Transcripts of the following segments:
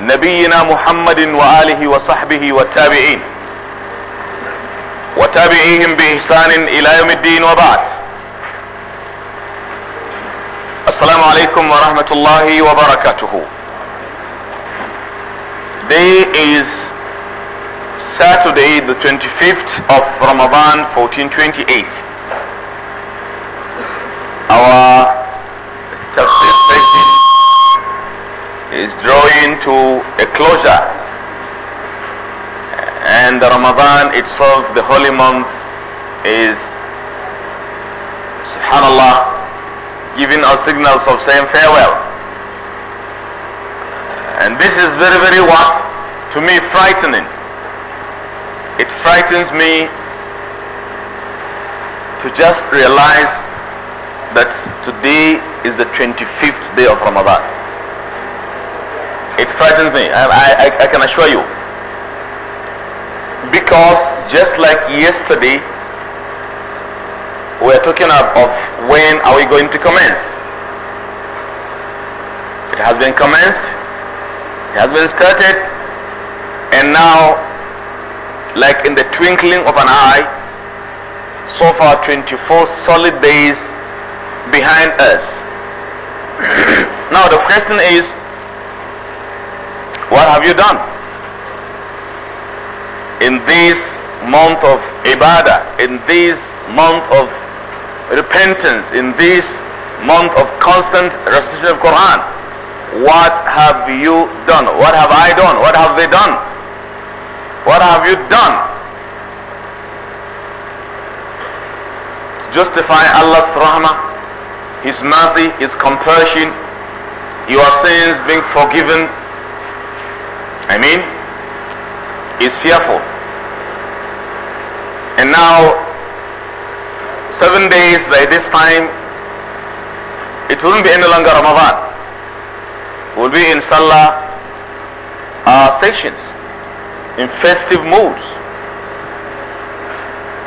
نبينا محمد واله وصحبه والتابعين وتابعيهم باحسان الى يوم الدين وبعد السلام عليكم ورحمه الله وبركاته Day is Saturday, the 25th of Ramadan, 1428. Our coming to a closure. And Ramadan itself, the holy month, is, subhanAllah, giving us signals of saying farewell. And this is very, very what? To me, frightening. It frightens me to just realize that today is the 25th day of Ramadan. It frightens me. I, I, I can assure you. Because just like yesterday, we're talking of, of when are we going to commence. It has been commenced. It has been started. And now, like in the twinkling of an eye, so far 24 solid days behind us. now the question is, what have you done? In this month of ibadah, in this month of repentance, in this month of constant recitation of Quran, what have you done? What have I done? What have they done? What have you done? To justify Allah's rahmah, His mercy, His compassion, your sins being forgiven I mean, is fearful. And now, seven days by this time, it wouldn't be any longer Ramadan. We'll be in Salah uh, sections, in festive moods.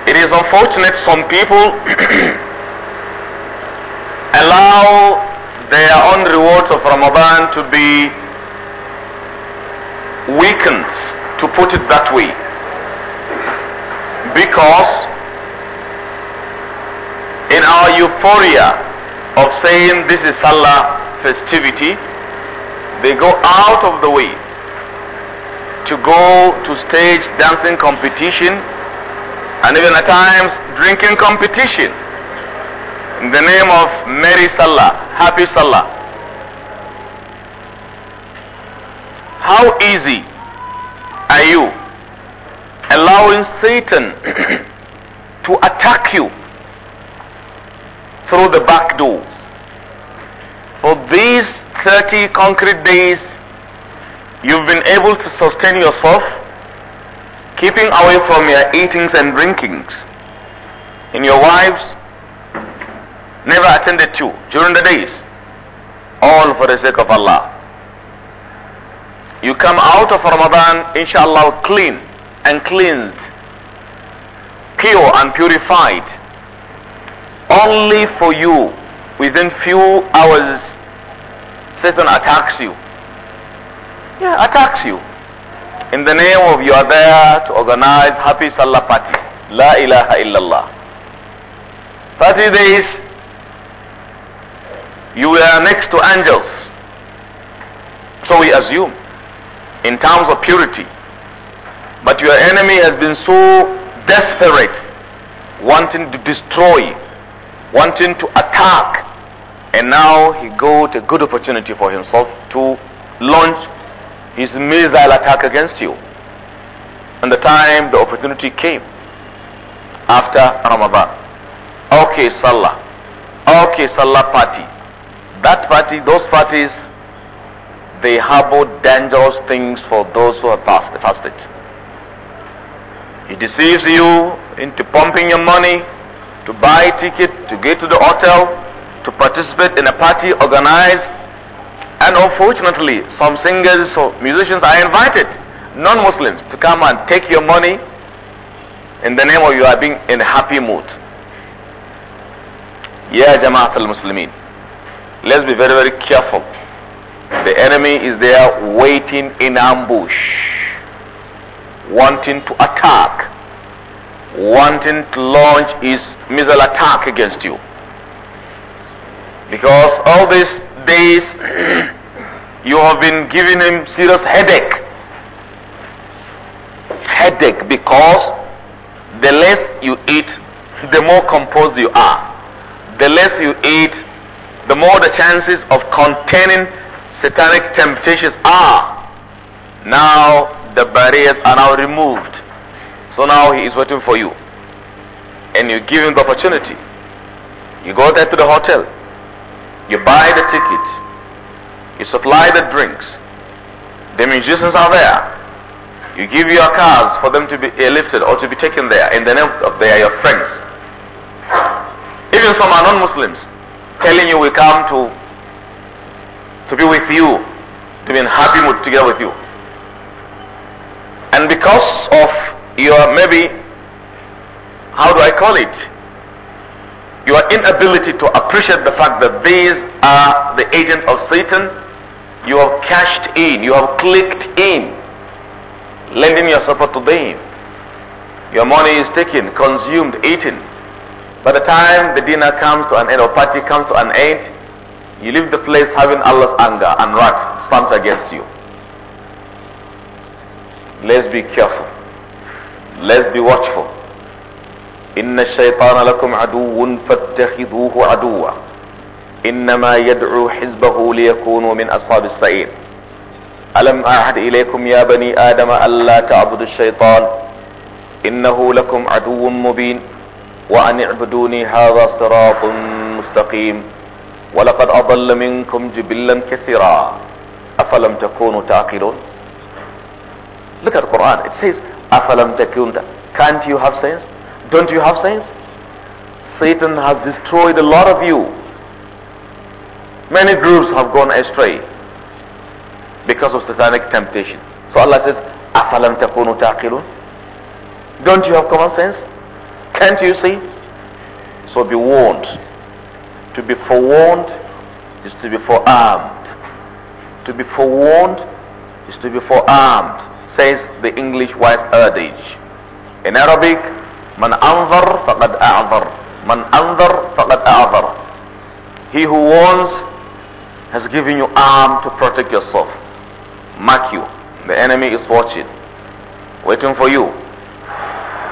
It is unfortunate some people allow their own rewards of Ramadan to be weakened, to put it that way, because in our euphoria of saying this is Salah festivity, they go out of the way to go to stage dancing competition and even at times drinking competition in the name of Merry Salah, Happy Salah. How easy are you allowing Satan to attack you through the back door? For these 30 concrete days, you've been able to sustain yourself, keeping away from your eatings and drinkings. And your wives never attended you during the days, all for the sake of Allah. You come out of Ramadan, inshallah, clean and cleansed, pure and purified, only for you. Within few hours, Satan attacks you. Yeah, attacks you. In the name of you are there to organize happy salah party. La ilaha illallah. 30 days, you are next to angels. So we assume in terms of purity. But your enemy has been so desperate, wanting to destroy, wanting to attack, and now he got a good opportunity for himself to launch his missile attack against you. And the time the opportunity came after Ramadan. Okay, Salah. Okay, Salah party. That party, those parties they harbor dangerous things for those who have fast, fasted. He deceives you into pumping your money to buy a ticket, to get to the hotel, to participate in a party organized. And unfortunately, some singers or musicians are invited, non-Muslims, to come and take your money in the name of you are being in a happy mood. Yeah, Jama'at al-Muslimin. Let's be very, very careful. The enemy is there waiting in ambush, wanting to attack, wanting to launch his missile attack against you. Because all these days you have been giving him serious headache. Headache because the less you eat, the more composed you are. The less you eat, the more the chances of containing satanic temptations are now the barriers are now removed so now he is waiting for you and you give him the opportunity you go there to the hotel you buy the ticket you supply the drinks the musicians are there you give your cars for them to be airlifted or to be taken there in the name of they are your friends even some are non-muslims telling you we come to to be with you, to be in happy mood together with you. And because of your maybe, how do I call it? Your inability to appreciate the fact that these are the agent of Satan, you have cashed in, you have clicked in, lending your support to them. Your money is taken, consumed, eaten. By the time the dinner comes to an end or party comes to an end, You leave the place having Allah's anger and wrath stamped against you. Let's be careful. Let's be watchful. إن الشيطان لكم عدو فاتخذوه عدوا إنما يدعو حزبه ليكونوا من أصحاب السعير ألم أعهد إليكم يا بني آدم ألا تعبدوا الشيطان إنه لكم عدو مبين وأن اعبدوني هذا صراط مستقيم ولقد أضل منكم جبلا كثيرا أفلم تكونوا تعقلون Look at the Quran. It says, أفلم تكون Can't you have sense? Don't you have sense? Satan has destroyed a lot of you. Many groups have gone astray because of satanic temptation. So Allah says, أفلم تكونوا تعقلون Don't you have common sense? Can't you see? So be warned to be forewarned is to be forearmed. To be forewarned is to be forearmed, says the English wise adage. In Arabic, Man anzar faqad a'zar. Man anzar faqad a'zar. He who warns has given you arm to protect yourself. Mark you. The enemy is watching, waiting for you.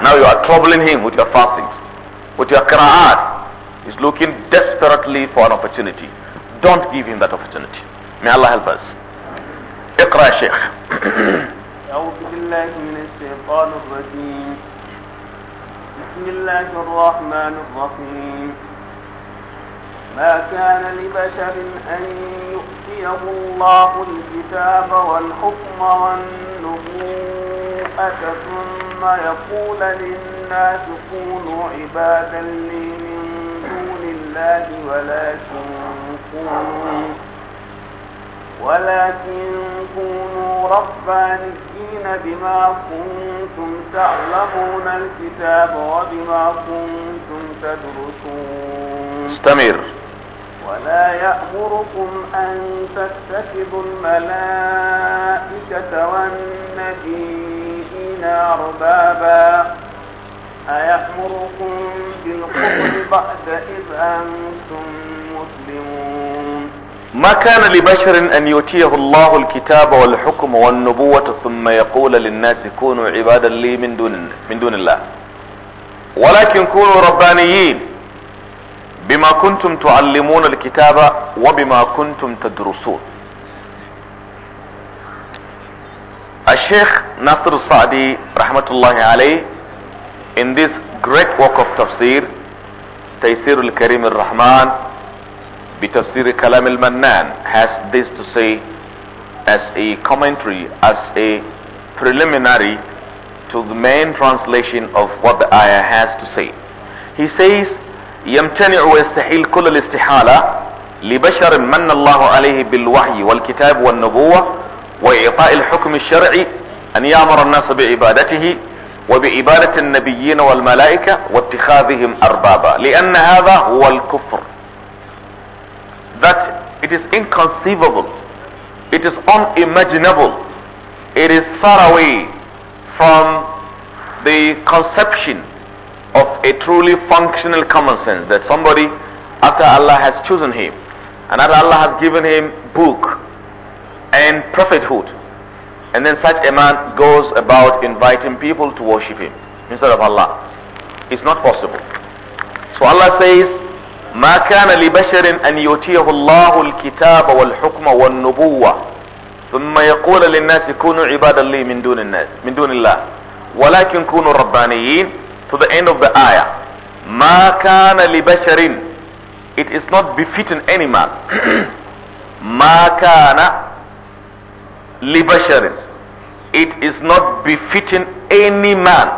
Now you are troubling him with your fastings, with your qira'at, He's looking desperately for an opportunity. Don't give him that opportunity. May Allah help us. اقرأ يا شيخ. أعوذ بالله من الشيطان الرجيم. بسم الله الرحمن الرحيم. ما كان لبشر أن يؤتيه الله الكتاب والحكم والنبوءة ثم يقول للناس كونوا عبادا لي الله ولكن كونوا ولكن كونوا ربانيين بما كنتم تعلمون الكتاب وبما كنتم تدرسون استمر ولا يأمركم أن تتخذوا الملائكة والنبيين أربابا أيأمركم بالكفر بعد إذ أنتم مسلمون ما كان لبشر أن يؤتيه الله الكتاب والحكم والنبوة ثم يقول للناس كونوا عبادا لي من دون من دون الله ولكن كونوا ربانيين بما كنتم تعلمون الكتاب وبما كنتم تدرسون الشيخ ناصر الصعدي رحمة الله عليه in this great work of tafsir Taysir al-Karim al-Rahman bi tafsir Kalam mannan has this to say as a commentary, as a preliminary to the main translation of what the ayah has to say. He says, يمتنع ويستحيل كل الاستحالة لبشر من الله عليه بالوحي والكتاب والنبوة وإعطاء الحكم الشرعي أن يأمر الناس بعبادته وبعبادة النبيين والملائكة واتخاذهم أربابا لأن هذا هو الكفر that it is inconceivable it is unimaginable it is far away from the conception of a truly functional common sense that somebody after Allah has chosen him and after Allah has given him book and prophethood and then such a man goes about inviting people to worship him instead of Allah. It's not possible. So Allah says, ما كان لبشر أن يؤتيه الله الكتاب والحكم والنبوة ثم يقول للناس كونوا عبادا لي من دون الناس من دون الله ولكن كونوا ربانيين to the end of the ayah ما كان لبشر it is not befitting any man ما كان libasharin. It is not befitting any man.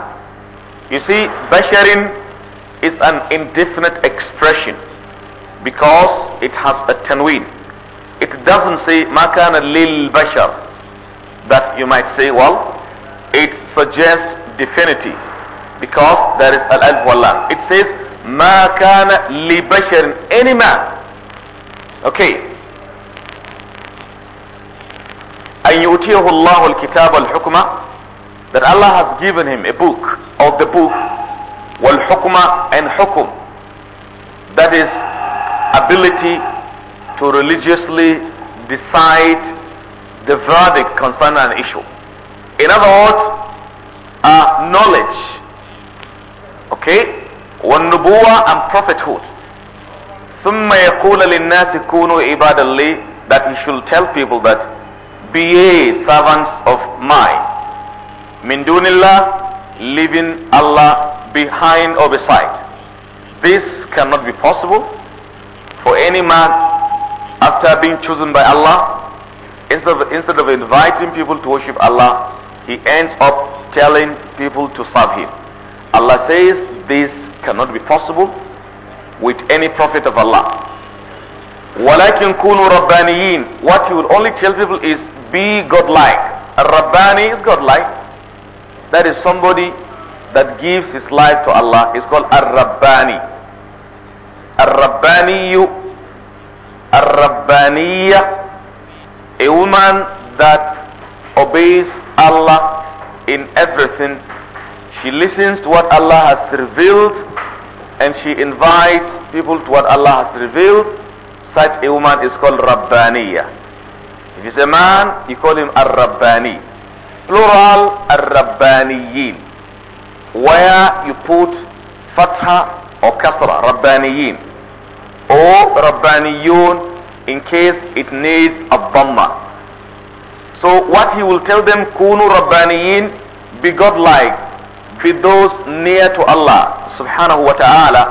You see, basharin is an indefinite expression because it has a tanween. It doesn't say makana lil bashar that you might say, well, it suggests definity because there is al alwala. It says makana li basharin any man. Okay, أن يؤتيه الله الكتاب والحكمة that Allah has given him a book of the book والحكمة and hukum that is ability to religiously decide the verdict concerning an issue in other words uh, knowledge okay والنبوة and prophethood ثم يقول للناس كونوا عبادا لي that he should tell people that Be servants of mine. Mindunilla, leaving Allah behind or beside. This cannot be possible for any man after being chosen by Allah. Instead of, instead of inviting people to worship Allah, he ends up telling people to serve him. Allah says this cannot be possible with any prophet of Allah. What he will only tell people is be godlike. A Rabbani is godlike. That is somebody that gives his life to Allah It's called a rabbani Ar-Rabbaniyu. a rabbaniya A woman that obeys Allah in everything. She listens to what Allah has revealed and she invites people to what Allah has revealed. Such a woman is called Rabbaniya. If he's a man, you call him Ar-Rabbani. Plural, Ar-Rabbaniyin. Where you put Fatha or Kasra, Rabbaniyin. Or Rabbaniyun in case it needs a Dhamma. So what he will tell them, Kunu Rabbaniyin, be godlike, be those near to Allah subhanahu wa ta'ala.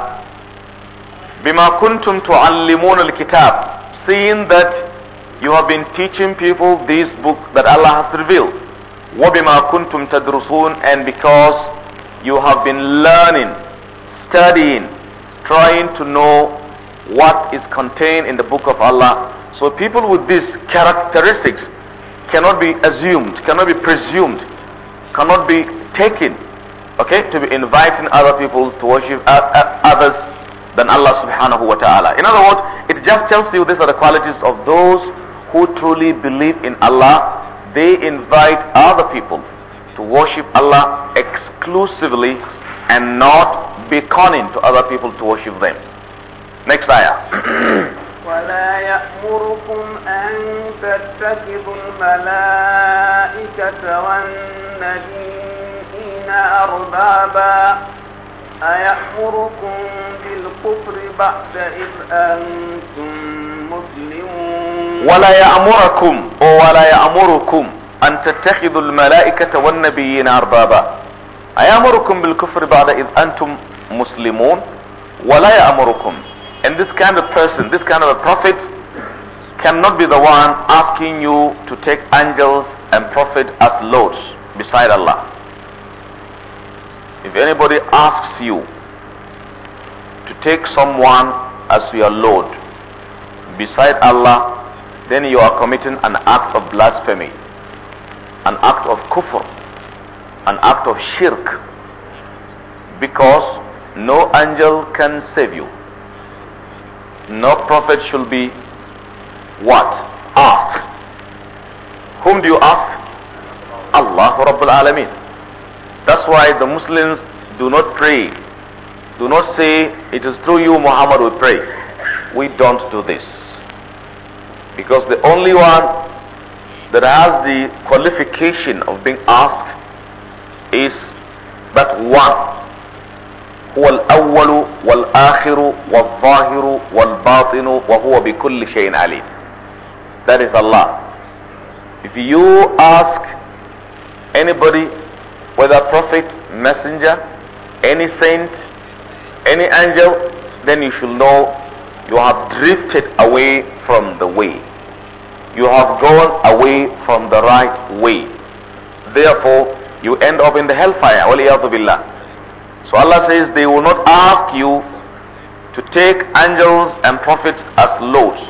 Bima kuntum tu'allimuna al-kitab. Seeing that you have been teaching people this book that Allah has revealed. وَبِمَا كُنْتُمْ تَدْرُسُونَ And because you have been learning, studying, trying to know what is contained in the book of Allah. So people with these characteristics cannot be assumed, cannot be presumed, cannot be taken, okay, to be inviting other people to worship others than Allah subhanahu wa ta'ala. In other words, it just tells you these are the qualities of those who truly believe in Allah, they invite other people to worship Allah exclusively and not be beckoning to other people to worship them. Next ayah. ولا يأمركم أن تتخذوا الملائكة والنبيين أربابا أيأمركم بالكفر بعد إذ أنتم مسلمون ولا يأمركم ولا يأمركم أن تتخذوا الملائكة والنبيين أربابا أيأمركم بالكفر بعد إذ أنتم مسلمون ولا يأمركم And this kind of person, this kind of a prophet cannot be the one asking you to take angels and prophet as lords beside Allah. If anybody asks you to take someone as your lord beside Allah, then you are committing an act of blasphemy, an act of kufr, an act of shirk, because no angel can save you. No prophet should be what? Asked. Whom do you ask? Allah Rabbul Alameen. That's why the Muslims do not pray. Do not say, it is through you Muhammad we pray. We don't do this. Because the only one that has the qualification of being asked is that one. هو الأول والآخر والظاهر والباطن وهو بكل شيء عليم. That is Allah. If you ask anybody, whether prophet, messenger, any saint, any angel, then you should know you have drifted away from the way. You have gone away from the right way. Therefore, you end up in the hellfire. So Allah says they will not ask you to take angels and prophets as loads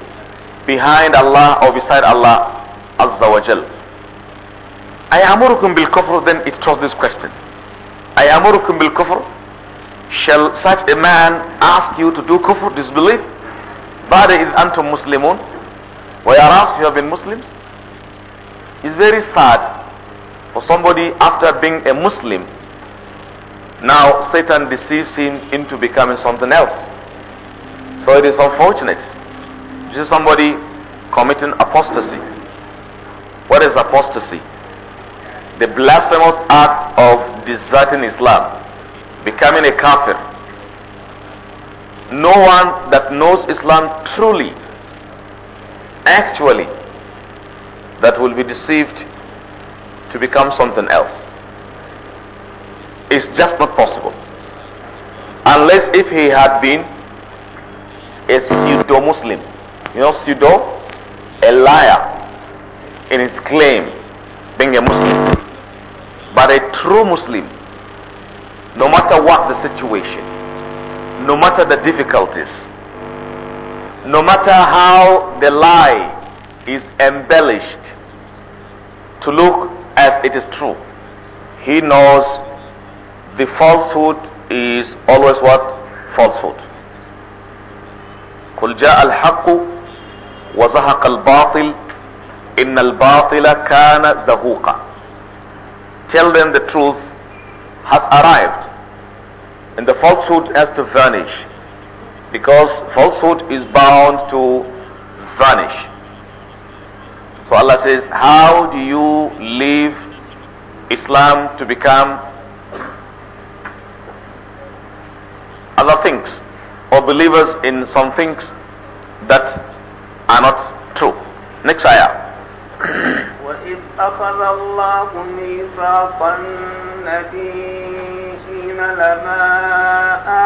behind Allah or beside Allah Azza wa Jal. I amurukum bil kufr, then it throws this question. I amurukum bil kufr. Shall such a man ask you to do kufr, disbelief? بعد إذ أنتم مسلمون whereas you have been Muslims it's very sad for somebody after being a Muslim now Satan deceives him into becoming something else so it is unfortunate you see somebody committing apostasy what is apostasy the blasphemous act of deserting Islam becoming a kafir no one that knows Islam truly, actually, that will be deceived to become something else. It's just not possible. Unless if he had been a pseudo Muslim. You know, pseudo? A liar in his claim, being a Muslim. But a true Muslim, no matter what the situation, no matter the difficulties, no matter how the lie is embellished to look as it is true. He knows the falsehood is always what? Falsehood. قل جاء الحق وزهق الباطل إن الباطل كان زهوقا Tell them the truth has arrived and the falsehood has to vanish because falsehood is bound to vanish. So Allah says, how do you leave Islam to become other things or believers in some things that are not true? Next ayah. وإذ أخذ الله ميثاق النبيين لما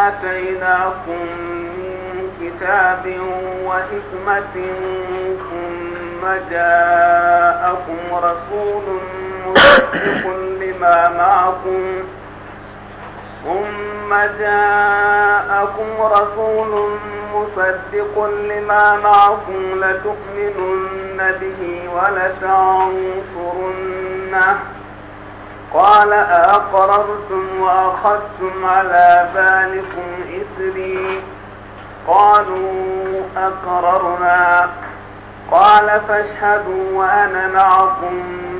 آتيناكم من كتاب وحكمة ثم جاءكم رسول مصدق لما معكم ثم جاءكم رسول مصدق لما معكم لتؤمنن به ولتنصرنه قال أأقررتم وأخذتم على بالكم إثري قالوا أقررنا قال فاشهدوا وأنا معكم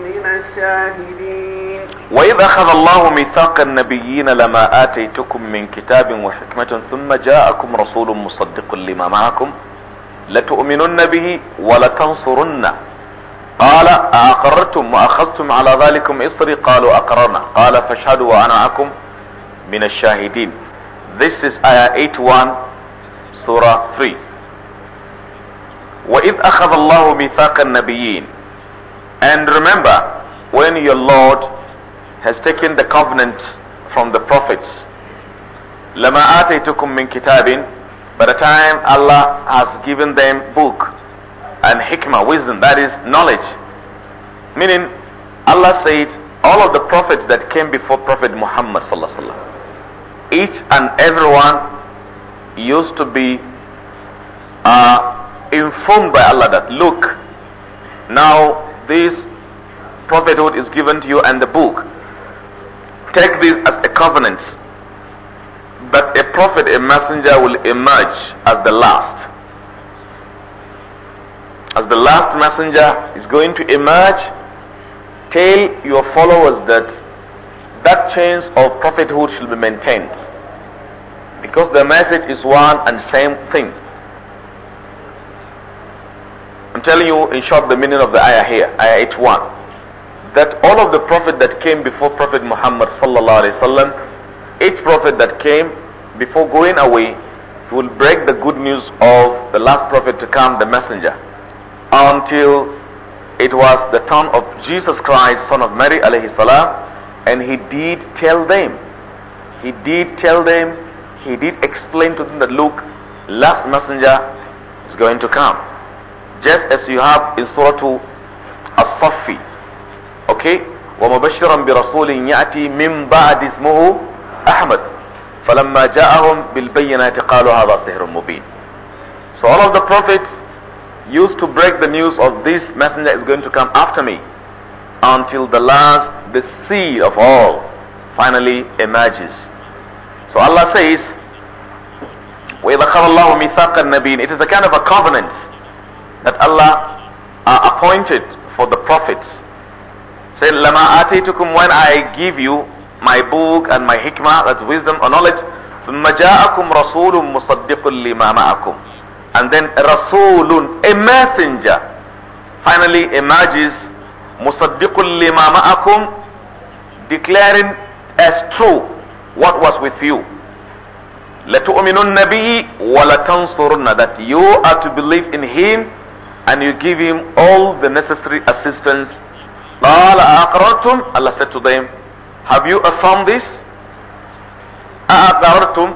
من الشاهدين وإذ أخذ الله ميثاق النبيين لما آتيتكم من كتاب وحكمة ثم جاءكم رسول مصدق لما معكم لتؤمنن به ولتنصرنه قال أأقررتم وأخذتم على ذلكم إصري قالوا أقررنا قال فاشهدوا وأنا معكم من الشاهدين This is Ayah 81 Surah 3 وإذ أخذ الله ميثاق النبيين And remember when your Lord has taken the covenant from the prophets. لَمَا آتَيْتُكُم مِّن كِتَابٍ By the time Allah has given them book and hikmah, wisdom, that is knowledge. Meaning, Allah said, all of the prophets that came before Prophet Muhammad sallallahu alaihi wasallam, each and everyone used to be uh, informed by Allah that look, now this prophethood is given to you and the book. Take this as a covenant that a prophet, a messenger will emerge as the last. As the last messenger is going to emerge, tell your followers that that chain of prophethood should be maintained. Because the message is one and same thing. I'm telling you in short the meaning of the ayah here, ayah 81 that all of the prophet that came before Prophet Muhammad sallallahu alaihi wasallam, each prophet that came before going away, will break the good news of the last prophet to come, the messenger, until it was the turn of Jesus Christ, son of Mary alayhi salam, and he did tell them, he did tell them, he did explain to them that look, last messenger is going to come, just as you have in Surah 2, as saffi Okay? ومبشرا برسول يأتي من بعد اسمه أحمد فلما جاءهم بالبينات قالوا هذا سحر مبين So all of the prophets used to break the news of this messenger is going to come after me until the last, the seed of all finally emerges. So Allah says, وَإِذَا اللَّهُ مِيثَاقَ النَّبِيِّينَ It is a kind of a covenant that Allah uh, appointed for the prophets said, Lama atitukum when I give you my book and my hikmah, that's wisdom or knowledge, ثم جاءكم رسول مصدق لما And then rasulun, a messenger, finally emerges, مصدق لما معكم, declaring as true what was with you. لتؤمنن به ولتنصرن that you are to believe in him and you give him all the necessary assistance قال أقررتم Allah said to them have you affirmed this أقررتم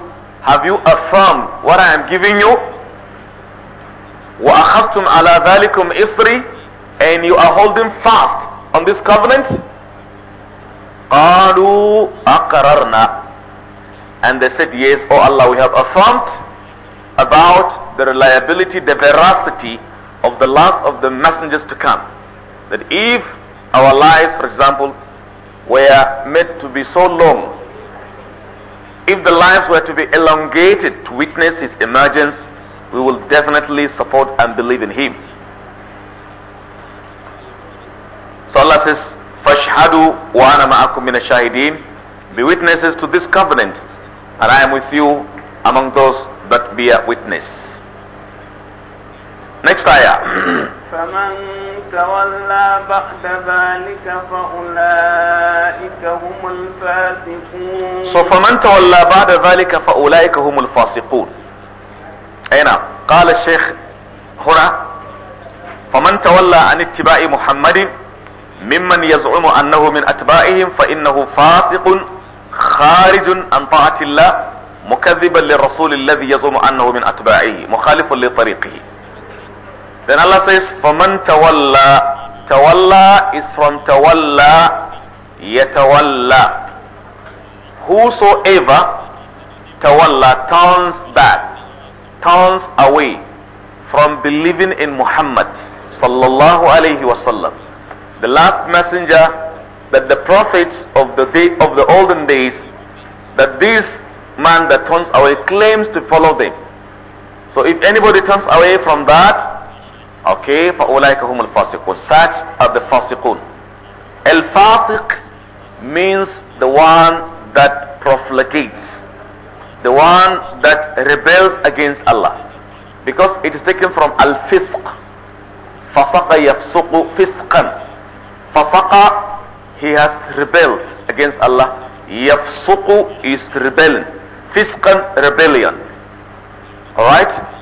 have you affirmed what I am giving you وأخذتم على ذلكم إصري and you are holding fast on this covenant قالوا أقررنا and they said yes oh Allah we have affirmed about the reliability the veracity of the last of the messengers to come that if our lives, for example, were made to be so long. If the lives were to be elongated to witness his emergence, we will definitely support and believe in him. So Allah says, Fashhadu wa ana ma'akum min Be witnesses to this covenant, and I am with you among those that bear witness. Next فمن تولى بعد ذلك فأولئك هم الفاسقون. So فمن تولى بعد ذلك فأولئك هم الفاسقون. أين قال الشيخ هنا فمن تولى عن اتباع محمد ممن يزعم أنه من أتباعهم فإنه فاسق خارج عن طاعة الله مكذبا للرسول الذي يزعم أنه من أتباعه مخالف لطريقه Then Allah says, فَمَنْ تَوَلَّى Tawalla is from tawalla, yatawalla. Whosoever tawalla turns back, turns away from believing in Muhammad sallallahu alayhi wasallam, the last messenger that the prophets of the day of the olden days, that this man that turns away claims to follow them. So if anybody turns away from that, Okay, فَأُولَٰئِكَ هُمُ الْفَاسِقُونَ Such are the fasiqun. Al-fasiq means the one that profligates, the one that rebels against Allah. Because it is taken from al-fisq. فَسَقَ يَفْسُقُ فِسْقًا فَسَقَ He has rebelled against Allah. يَفْسُقُ is rebellion. Fisqan, rebellion. Alright?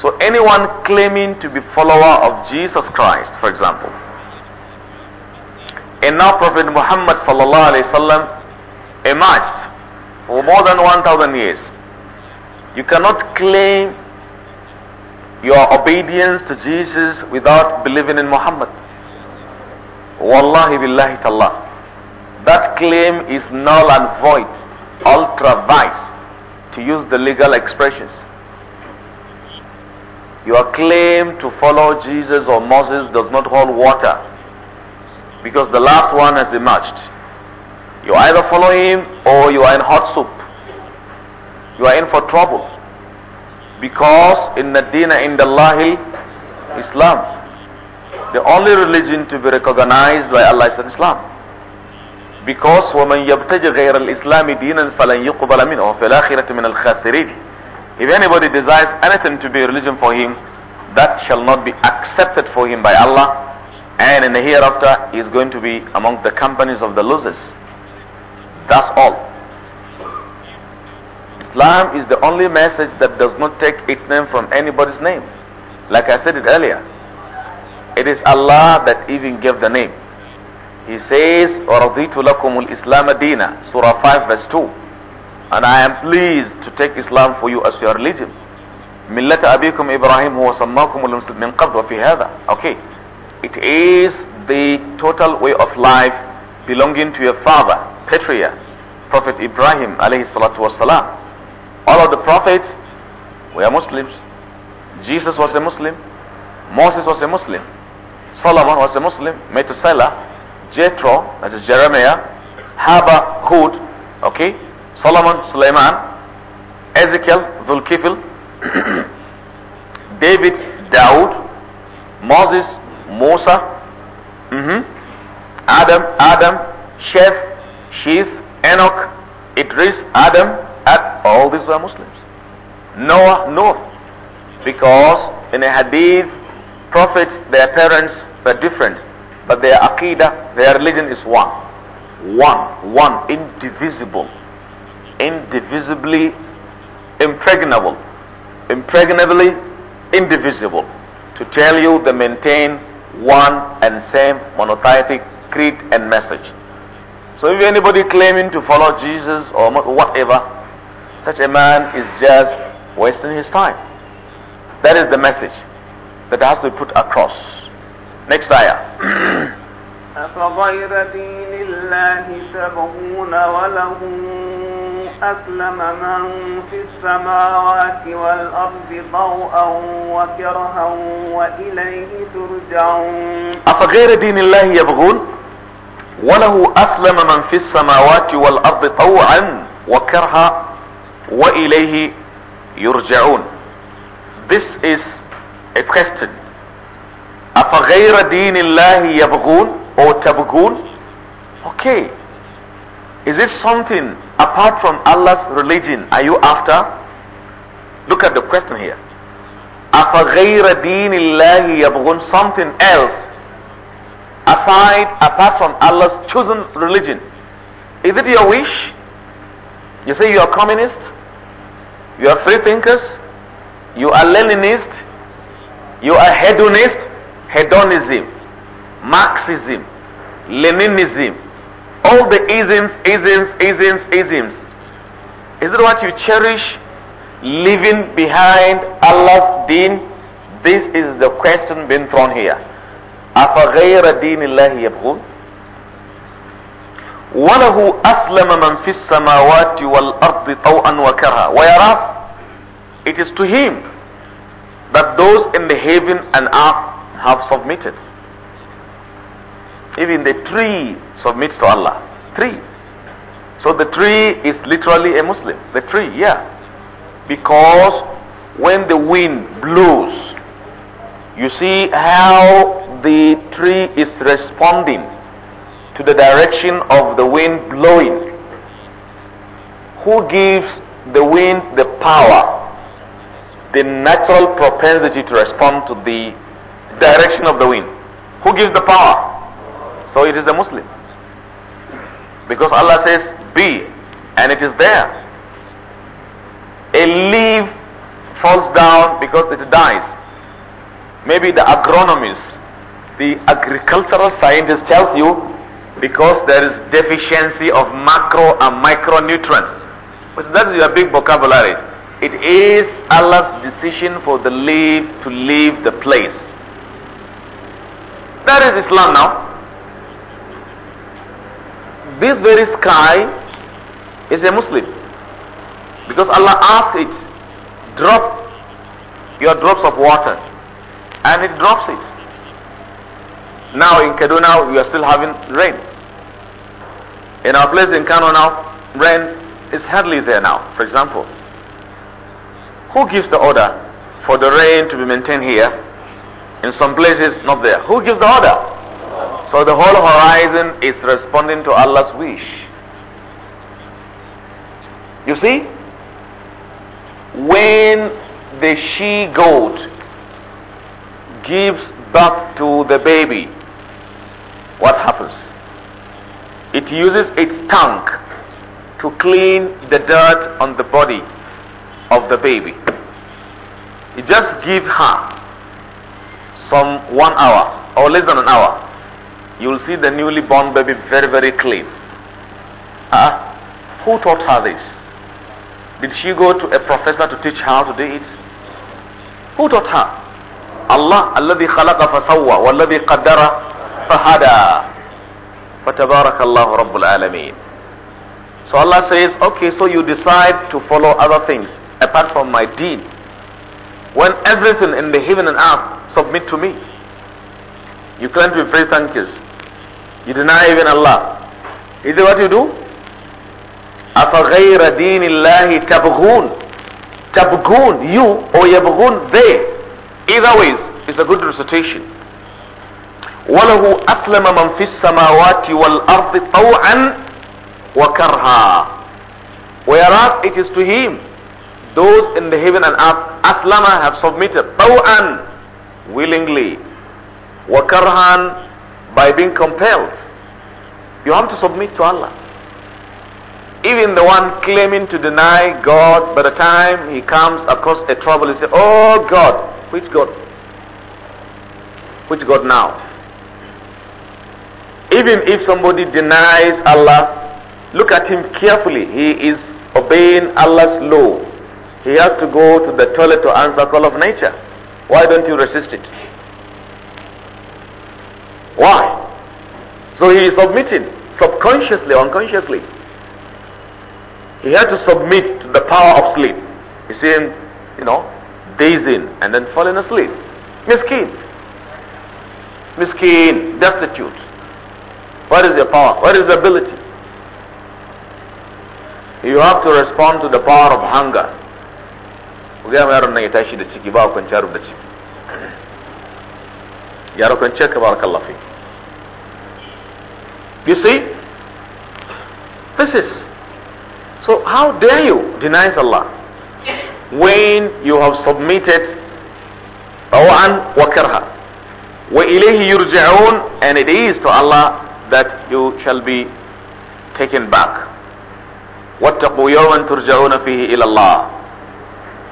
So anyone claiming to be follower of Jesus Christ, for example, and now Prophet Muhammad sallallahu alaihi sallam emerged for more than 1,000 years. You cannot claim your obedience to Jesus without believing in Muhammad. Wallahi billahi ta'ala. That claim is null and void, ultra vice, to use the legal expressions. Your claim to follow Jesus or Moses does not hold water because the last one has emerged. You either follow him or you are in hot soup. You are in for trouble because in the Dina in the Lahil Islam, the only religion to be recognized by Allah is Islam. Because وَمَنْ يَبْتَجِ غَيْرَ الْإِسْلَامِ دِينًا فَلَنْ يُقْبَلَ مِنْهُ فِي الْآخِرَةِ مِنَ الْخَاسِرِينَ if anybody desires anything to be religion for him, that shall not be accepted for him by Allah. And in the hereafter, he is going to be among the companies of the losers. That's all. Islam is the only message that does not take its name from anybody's name. Like I said it earlier, it is Allah that even gave the name. He says, وَرَضِيتُ لَكُمُ الْإِسْلَامَ دِينًا Surah 5 verse 2. And I am pleased to take Islam for you as your religion. ملة أبيكم إبراهيم هو سماكم المسلم من قبل وفي هذا. Okay. It is the total way of life belonging to your father, patriarch, Prophet Ibrahim alayhi salatu All of the prophets were Muslims. Jesus was a Muslim. Moses was a Muslim. Solomon was a Muslim. Methuselah, Jethro, that is Jeremiah, Habakkuk, okay, Solomon, Suleiman, Ezekiel, Zulkifil, David, Daud, Moses, Musa, mm-hmm. Adam, Adam, Sheth, Sheath, Enoch, Idris, Adam, and all these were Muslims. Noah, Noah. Because in a hadith, prophets, their parents were different, but their aqidah, their religion is one. One, one, indivisible indivisibly impregnable, impregnably indivisible, to tell you they maintain one and same monotheistic creed and message. So if anybody claiming to follow Jesus or whatever, such a man is just wasting his time. That is the message that has to be put across. Next ayah. أفغير دين الله تبغون وله أسلم من في السماوات والأرض ضوءا وكرها وإليه ترجعون أفغير دين الله يبغون وله أسلم من في السماوات والأرض طوعا وكرها وإليه يرجعون This is a question أفغير دين الله يبغون أو تبغون Okay Is it something apart from Allah's religion are you after? Look at the question here. أَفَغَيْرَ دِينِ اللَّهِ يَبْغُونَ Something else aside, apart from Allah's chosen religion. Is it your wish? You say you are communist? You are free thinkers? You are Leninist? You are hedonist? Hedonism, Marxism, Leninism, all the isms, isms, isms, isms. Is it what you cherish? Leaving behind Allah's deen? This is the question being thrown here. أَفَغَيْرَ دِينِ اللَّهِ يَبْغُونَ وَلَهُ أَسْلَمَ مَنْ فِي السَّمَاوَاتِ وَالْأَرْضِ طَوْعًا وَكَرْهًا Whereas, it is to him that those in the heaven and earth have submitted. Even the tree submits to Allah. Tree. So the tree is literally a Muslim. The tree, yeah. Because when the wind blows, you see how the tree is responding to the direction of the wind blowing. Who gives the wind the power, the natural propensity to respond to the direction of the wind? Who gives the power? So it is a Muslim. Because Allah says, be, and it is there. A leaf falls down because it dies. Maybe the agronomist, the agricultural scientist tells you because there is deficiency of macro and micronutrients. Which that is a big vocabulary. It is Allah's decision for the leaf to leave the place. That is Islam now. This very sky is a Muslim. Because Allah asked it, drop your drops of water. And it drops it. Now in Kaduna, we are still having rain. In our place in Kano now, rain is hardly there now, for example. Who gives the order for the rain to be maintained here? In some places, not there. Who gives the order? So the whole horizon is responding to Allah's wish. You see, when the she goat gives birth to the baby, what happens? It uses its tongue to clean the dirt on the body of the baby. It just gives her some one hour or less than an hour you will see the newly born baby very, very clean. Ah, who taught her this? Did she go to a professor to teach her how to do it? Who taught her? Allah, الذي خلق فسوى والذي قدر فهدى فتبارك الله رب العالمين. So Allah says, okay, so you decide to follow other things apart from my deen. When everything in the heaven and earth submit to me, you can not be very thankful. You deny even Allah. Is it what you do? أَفَغَيْرَ دِينِ اللَّهِ تَبْغُونَ Tabghun, you, or Yabghun, they. Either ways, it's a good recitation. وَلَهُ أَسْلَمَ مَنْ فِي السَّمَاوَاتِ وَالْأَرْضِ طَوْعًا وَكَرْهًا Whereas it is to him, those in the heaven and earth, aslama have submitted, طَوْعًا, willingly, وَكَرْهًا by being compelled. You have to submit to Allah. Even the one claiming to deny God, by the time he comes across a trouble, he says, Oh God, which God? Which God now? Even if somebody denies Allah, look at him carefully. He is obeying Allah's law. He has to go to the toilet to answer call of nature. Why don't you resist it? Why? So he is submitting subconsciously, unconsciously. He had to submit to the power of sleep. You see him, you know, dazing and then falling asleep. Miskin. Miskin, destitute. What is your power? What is your ability? You have to respond to the power of hunger. nan ya tashi da ciki ba kwanciya ciki. Yaro kwanciya ka you see? This is. So how dare you deny Allah when you have submitted Awan وكرها وإليه يرجعون and it is to Allah that you shall be taken back واتقوا يوما فيه إلى الله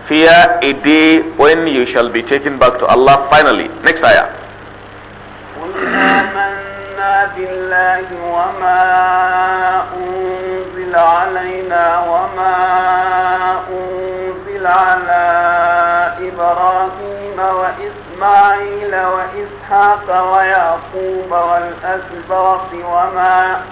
fear a day when you shall be taken back to Allah finally next ayah بآيات الله وما أنزل علينا وما أنزل على إبراهيم وإسماعيل وإسحاق ويعقوب والأسباط وما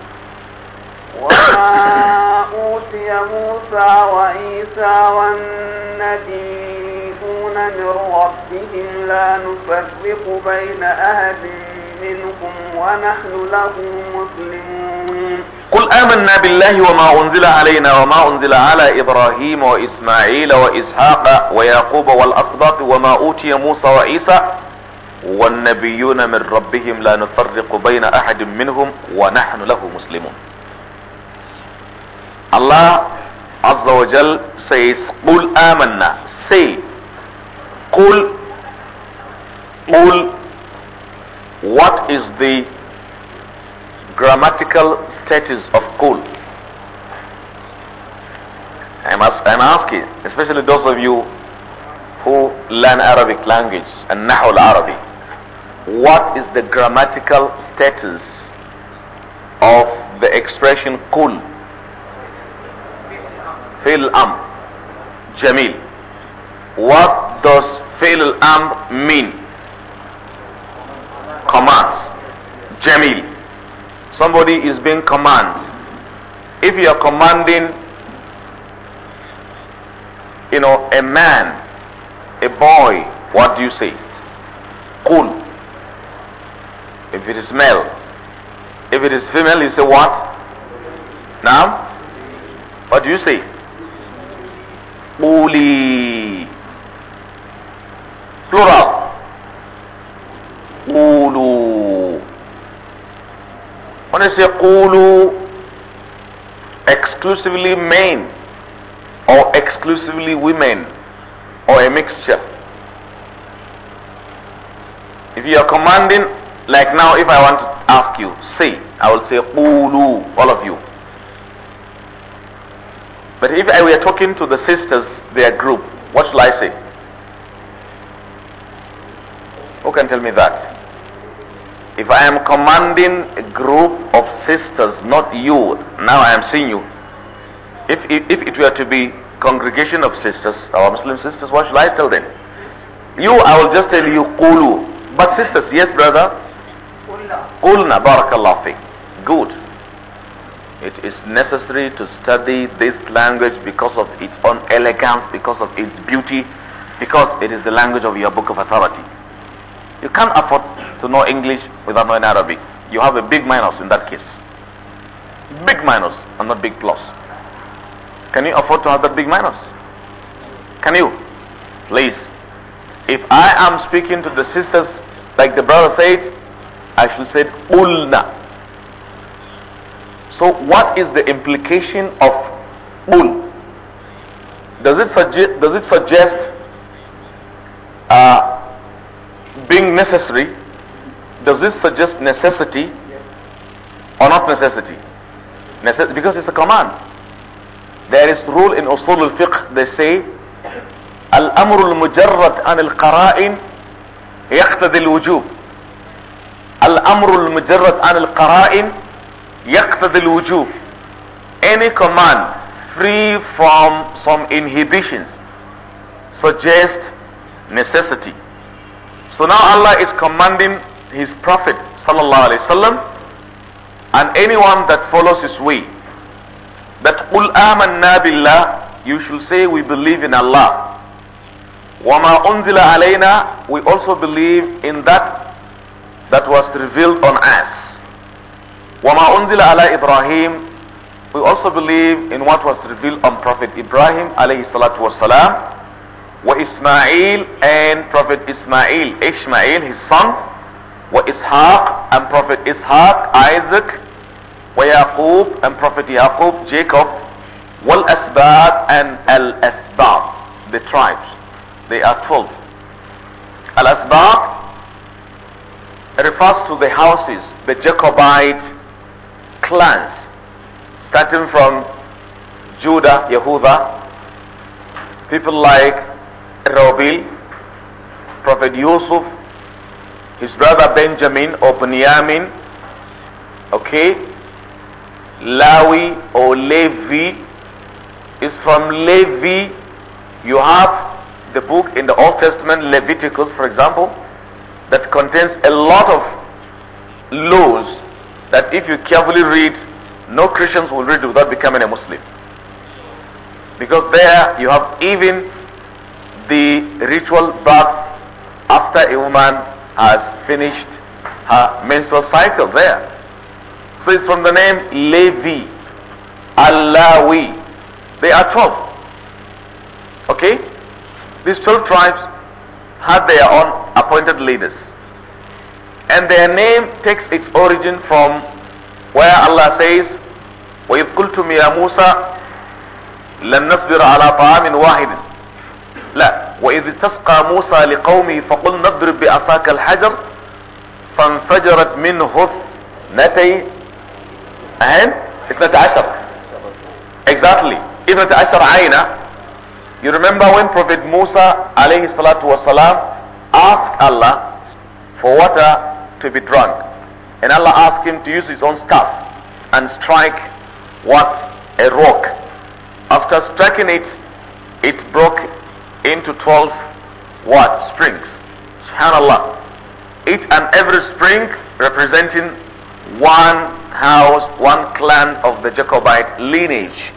وما أوتي موسى وعيسى والنبيون من ربهم لا نفرق بين أهل منكم ونحن له مسلمون قل آمنا بالله وما أنزل علينا وما أنزل على إبراهيم وإسماعيل وإسحاق ويعقوب والأصباط وما أوتي موسى وعيسى والنبيون من ربهم لا نفرق بين أحد منهم ونحن له مسلمون الله عز وجل Jal says, سي قل Say, What is the grammatical status of cool? I'm, I'm asking, especially those of you who learn Arabic language and Nahal Arabic, what is the grammatical status of the expression cool? Fil am. Jamil. What does fil am mean? commands. Jamil. Somebody is being commanded. If you are commanding, you know, a man, a boy, what do you say? Cool. If it is male, if it is female, you say what? Now, what do you say? Uli. Plural. قولوا When I say قولوا exclusively men or exclusively women or a mixture. If you are commanding, like now if I want to ask you, say, I will say قولوا, all of you. But if I were talking to the sisters, their group, what shall I say? Who can tell me that? If I am commanding a group of sisters, not you, now I am seeing you. If, if, if it were to be congregation of sisters, our Muslim sisters, what shall I tell them? You, I will just tell you, Qulu. But sisters, yes brother? Qulna. Barakallah fiqh. Good. It is necessary to study this language because of its own elegance, because of its beauty, because it is the language of your book of authority. You can't afford to know English without knowing Arabic. You have a big minus in that case. Big minus and not big plus. Can you afford to have that big minus? Can you? Please. If I am speaking to the sisters, like the brother said, I should say ulna. So what is the implication of ul? Does it suggest, does it suggest uh, necessary, does this suggest necessity or not necessity? Necess- because it's a command. There is rule in usul al-fiqh, they say, الأمر المجرد عن القرائن يقتضي الوجوب الأمر المجرد عن القرائن يقتضي الوجوب any command free from some inhibitions suggests necessity so now Allah is commanding His Prophet sallallahu alaihi wasallam and anyone that follows His way that qul amanna billah you should say we believe in Allah. وَمَا أُنزِلَ عَلَيْنَا We also believe in that that was revealed on us. وَمَا أُنزِلَ عَلَى إِبْرَاهِيمَ we also believe in what was revealed on Prophet Ibrahim alayhi salatu wasalam Wa Ismail and Prophet Ismail, Ishmael, his son, Wa Ishaq and Prophet Ishaq, Isaac, Wa Yaqub and Prophet Yaqub, Jacob, Wal Asbab and Al Asbab, the tribes. They are twelve. Al Asbab refers to the houses, the Jacobite clans, starting from Judah, Yehuda, people like Rabil, Prophet Yusuf, his brother Benjamin or Bunyamin, okay, Lawi or Levi is from Levi. You have the book in the Old Testament, Leviticus, for example, that contains a lot of laws that if you carefully read, no Christians will read without becoming a Muslim. Because there you have even the ritual bath after a woman has finished her menstrual cycle there. So it's from the name Levi, Allawi. They are 12. Okay? These 12 tribes had their own appointed leaders. And their name takes its origin from where Allah says, وَإِذْ قُلْتُمْ يَا مُوسَى لَن نَصْبِرَ عَلَى طَعَامٍ وَاحِدٍ لا وإذ تسقى موسى لقومه فقل نضرب بأساك الحجر فانفجرت منه اثنتي أهن اثنتي عشر exactly اثنتي عشر عينة you remember when Prophet Musa عليه الصلاة والسلام asked Allah for water to be drunk and Allah asked him to use his own staff and strike what a rock after striking it it broke into 12 what? Springs. Subhanallah. Each and every spring representing one house, one clan of the Jacobite lineage.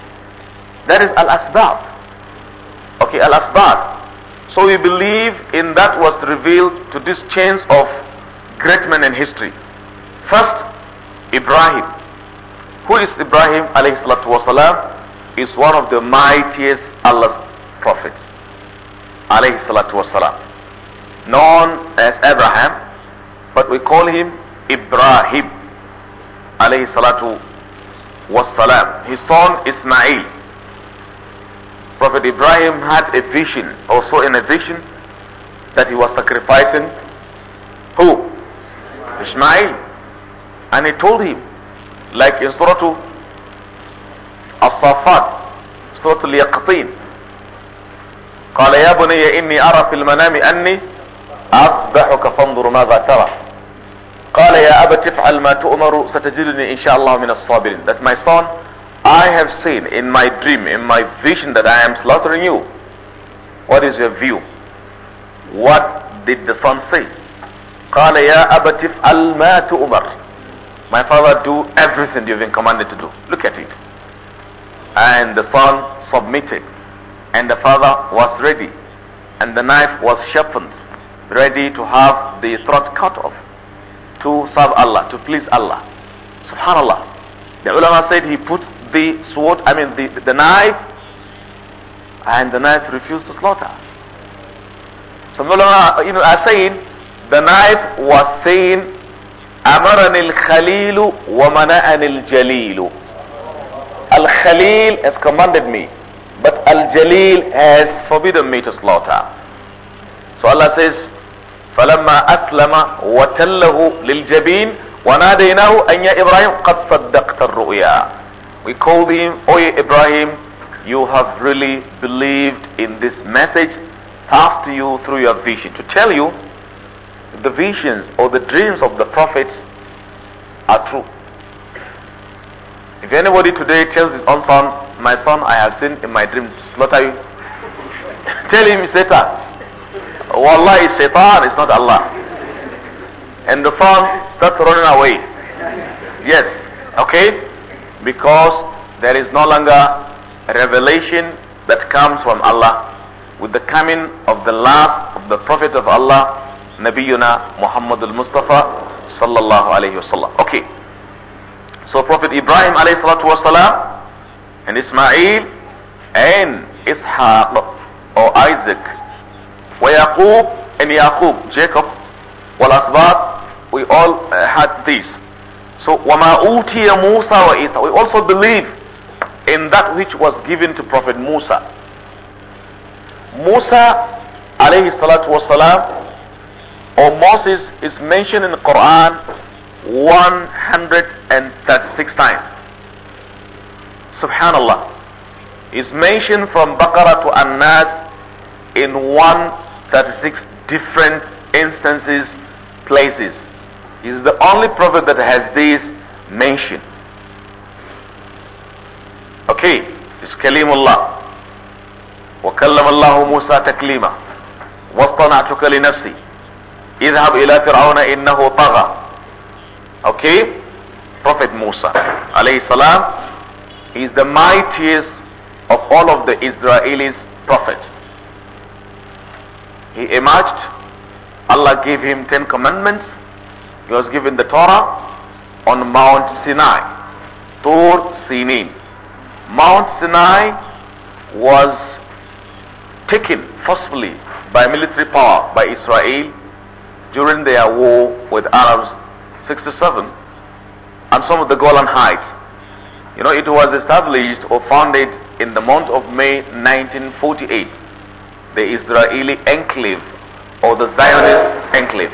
That is Al-Asbab. Okay, Al-Asbab. So we believe in that was revealed to this chains of great men in history. First, Ibrahim. Who is Ibrahim alayhi salatu wasalam? Is one of the mightiest Allah's prophets alayhi salatu wasalam, known as Abraham, but we call him Ibrahim alayhi salatu wasalam. His son Ismail. Prophet Ibrahim had a vision, also in a vision, that he was sacrificing who? Ismail. And he told him, like in Surah As-Safat, Surah Al-Yaqatin, قال يا بني إني أرى في المنام أني أذبحك فانظر ماذا ترى قال يا أبت افعل ما تؤمر ستجدني إن شاء الله من الصابرين that my son I have seen in my dream in my vision that I am slaughtering you what is your view what did the son say قال يا أبت افعل ما تؤمر my father do everything you've been commanded to do look at it and the son submitted and the father was ready and the knife was sharpened, ready to have the throat cut off, to serve Allah, to please Allah. Subhanallah. The ulama said he put the sword, I mean the, the knife, and the knife refused to slaughter. Some ulama you know, are saying the knife was saying, al-Khalilu wa الخليل al الجليل. Al Khalil has commanded me but Al-Jalil has forbidden me to slaughter. So Allah says, فَلَمَّا أَسْلَمَ وَتَلَّهُ لِلْجَبِينَ وَنَادَيْنَاهُ أَنْ يَا إِبْرَاهِيمُ قَدْ صَدَّقْتَ الرُّؤْيَا We called him, O Ibrahim, you have really believed in this message passed to you through your vision. To tell you, the visions or the dreams of the prophets are true. If anybody today tells his own son, my son, I have seen in my dream slaughter you? Tell him Satan. Wallah, is Satan, it's not Allah. And the son starts running away. Yes, okay? Because there is no longer revelation that comes from Allah with the coming of the last of the Prophet of Allah, Nabiyuna Muhammad al-Mustafa sallallahu alayhi wasallam. Okay. So Prophet Ibrahim alayhi salatu wasalam and Ismail and Ishaq or Isaac ويعقوب and Yaqub Jacob Asbat, we all uh, had this so وما Musa موسى Isa? we also believe in that which was given to Prophet Musa Musa alayhi salatu wasalam or Moses is mentioned in the Quran 136 times Subhanallah. Is mentioned from Baqarah to An-Nas in 136 different instances, places. He's the only prophet that has this mention. Okay, it's Kalimullah. وكلم الله موسى تكليما واصطنعتك لنفسي اذهب الى فرعون انه طغى okay prophet Musa alayhi salam he is the mightiest of all of the Israelis prophet. He emerged. Allah gave him Ten Commandments. He was given the Torah on Mount Sinai. Tur Sinin. Mount Sinai was taken forcefully by military power by Israel during their war with Arabs 67 and some of the Golan Heights you know, it was established or founded in the month of May 1948, the Israeli enclave or the Zionist enclave.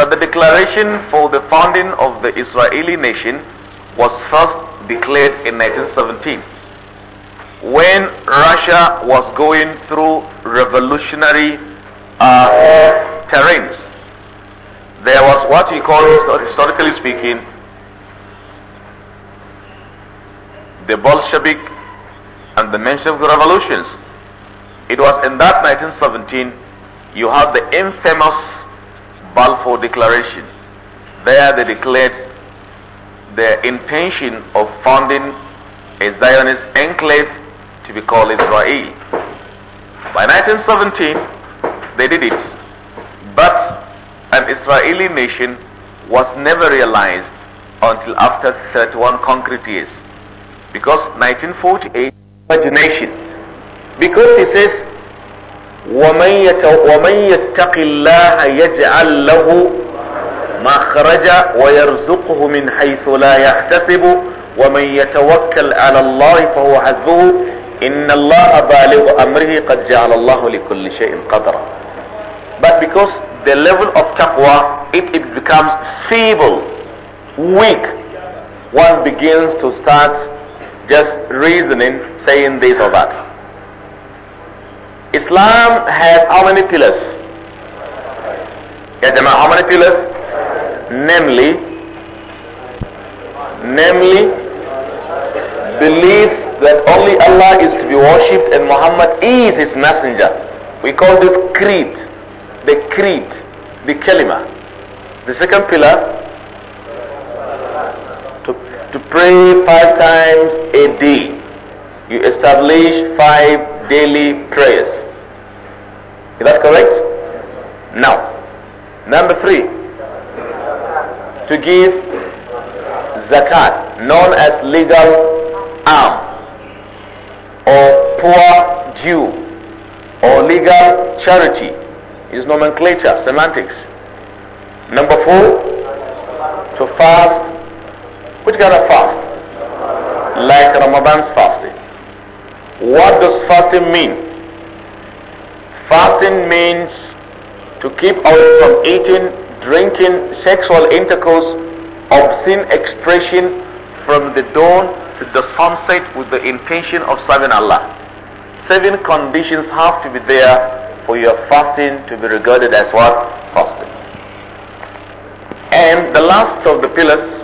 But the declaration for the founding of the Israeli nation was first declared in 1917 when Russia was going through revolutionary uh, terrains. There was what we call, historically speaking, the Bolshevik and the Menshevik revolutions. It was in that 1917 you have the infamous Balfour Declaration. There they declared their intention of founding a Zionist enclave to be called Israel. By 1917, they did it. But an Israeli nation was never realized until after 31 concrete years because 1948 imagination. because he says ومن الله بالغ أمره قد جعل الله لكل شيء قدرا but because the level of taqwa it, it becomes feeble weak one begins to start just reasoning, saying this or that. Islam has how many pillars? Yes, Jama, how many pillars? Namely, namely, belief that only Allah is to be worshipped and Muhammad is his messenger. We call this creed, the creed, the kalima. The second pillar to pray five times a day. You establish five daily prayers. Is that correct? Now, number three, to give zakat, known as legal arm or poor due or legal charity, is nomenclature, semantics. Number four, to fast which kind of fast? Like Ramadan's fasting. What does fasting mean? Fasting means to keep away from eating, drinking, sexual intercourse, obscene expression from the dawn to the sunset with the intention of serving Allah. Seven conditions have to be there for your fasting to be regarded as what? Fasting. And the last of the pillars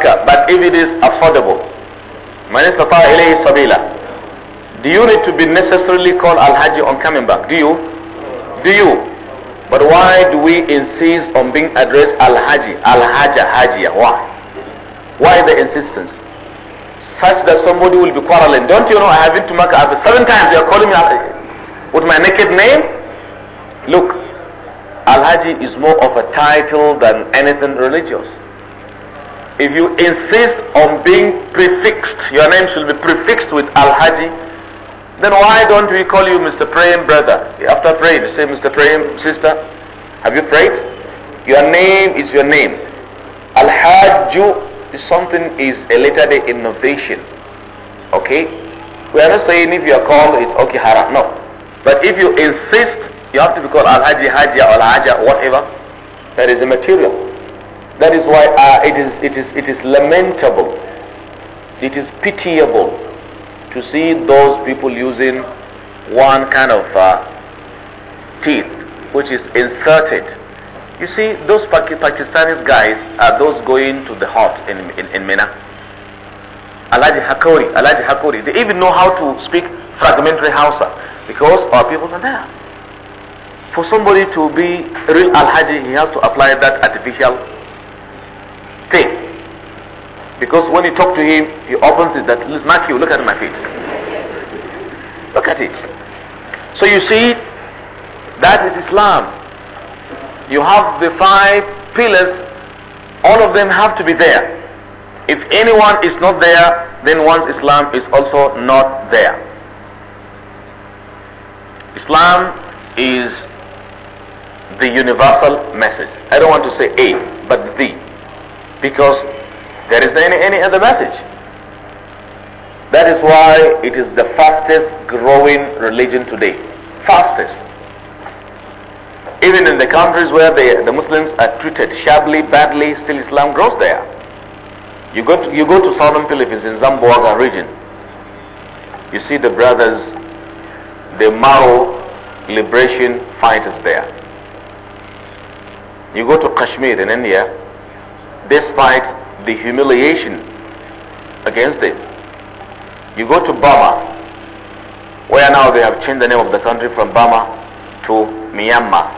but if it is affordable, man sabila. Do you need to be necessarily called Al-Hajj on coming back? Do you? Do you? But why do we insist on being addressed al Hajj, Al-Haja, Hajiya? Why? Why the insistence? Such that somebody will be quarreling. Don't you know I have been to Macau seven times? They are calling me with my naked name? Look, al Hajj is more of a title than anything religious if you insist on being prefixed, your name should be prefixed with Al-Haji, then why don't we call you Mr. Praying Brother? After praying, you say Mr. Praying Sister. Have you prayed? Your name is your name. Al-Hajju is something is a later day innovation. Okay? We are not saying if you are called, it's okay, haram. No. But if you insist, you have to be called Al-Haji, Hajia, Al-Haja, whatever. That is a material. That is why uh, it, is, it, is, it is lamentable, it is pitiable to see those people using one kind of uh, teeth which is inserted. You see, those Pakistani guys are those going to the heart in, in, in Mina. Alaji Hakori, Alaji Hakori, they even know how to speak fragmentary Hausa because our people are there. For somebody to be real Alhaji, he has to apply that artificial stay. Because when you talk to him, he opens it that, Matthew, look at my feet. Look at it. So you see, that is Islam. You have the five pillars, all of them have to be there. If anyone is not there, then one's Islam is also not there. Islam is the universal message. I don't want to say a, but the because there is any, any other message. That is why it is the fastest growing religion today. Fastest. Even in the countries where they, the Muslims are treated shabbily, badly, still Islam grows there. You go to, you go to southern Philippines in Zamboanga region. You see the brothers, the Mao liberation fighters there. You go to Kashmir in India, despite the humiliation against them. You go to Burma, where now they have changed the name of the country from Burma to Myanmar.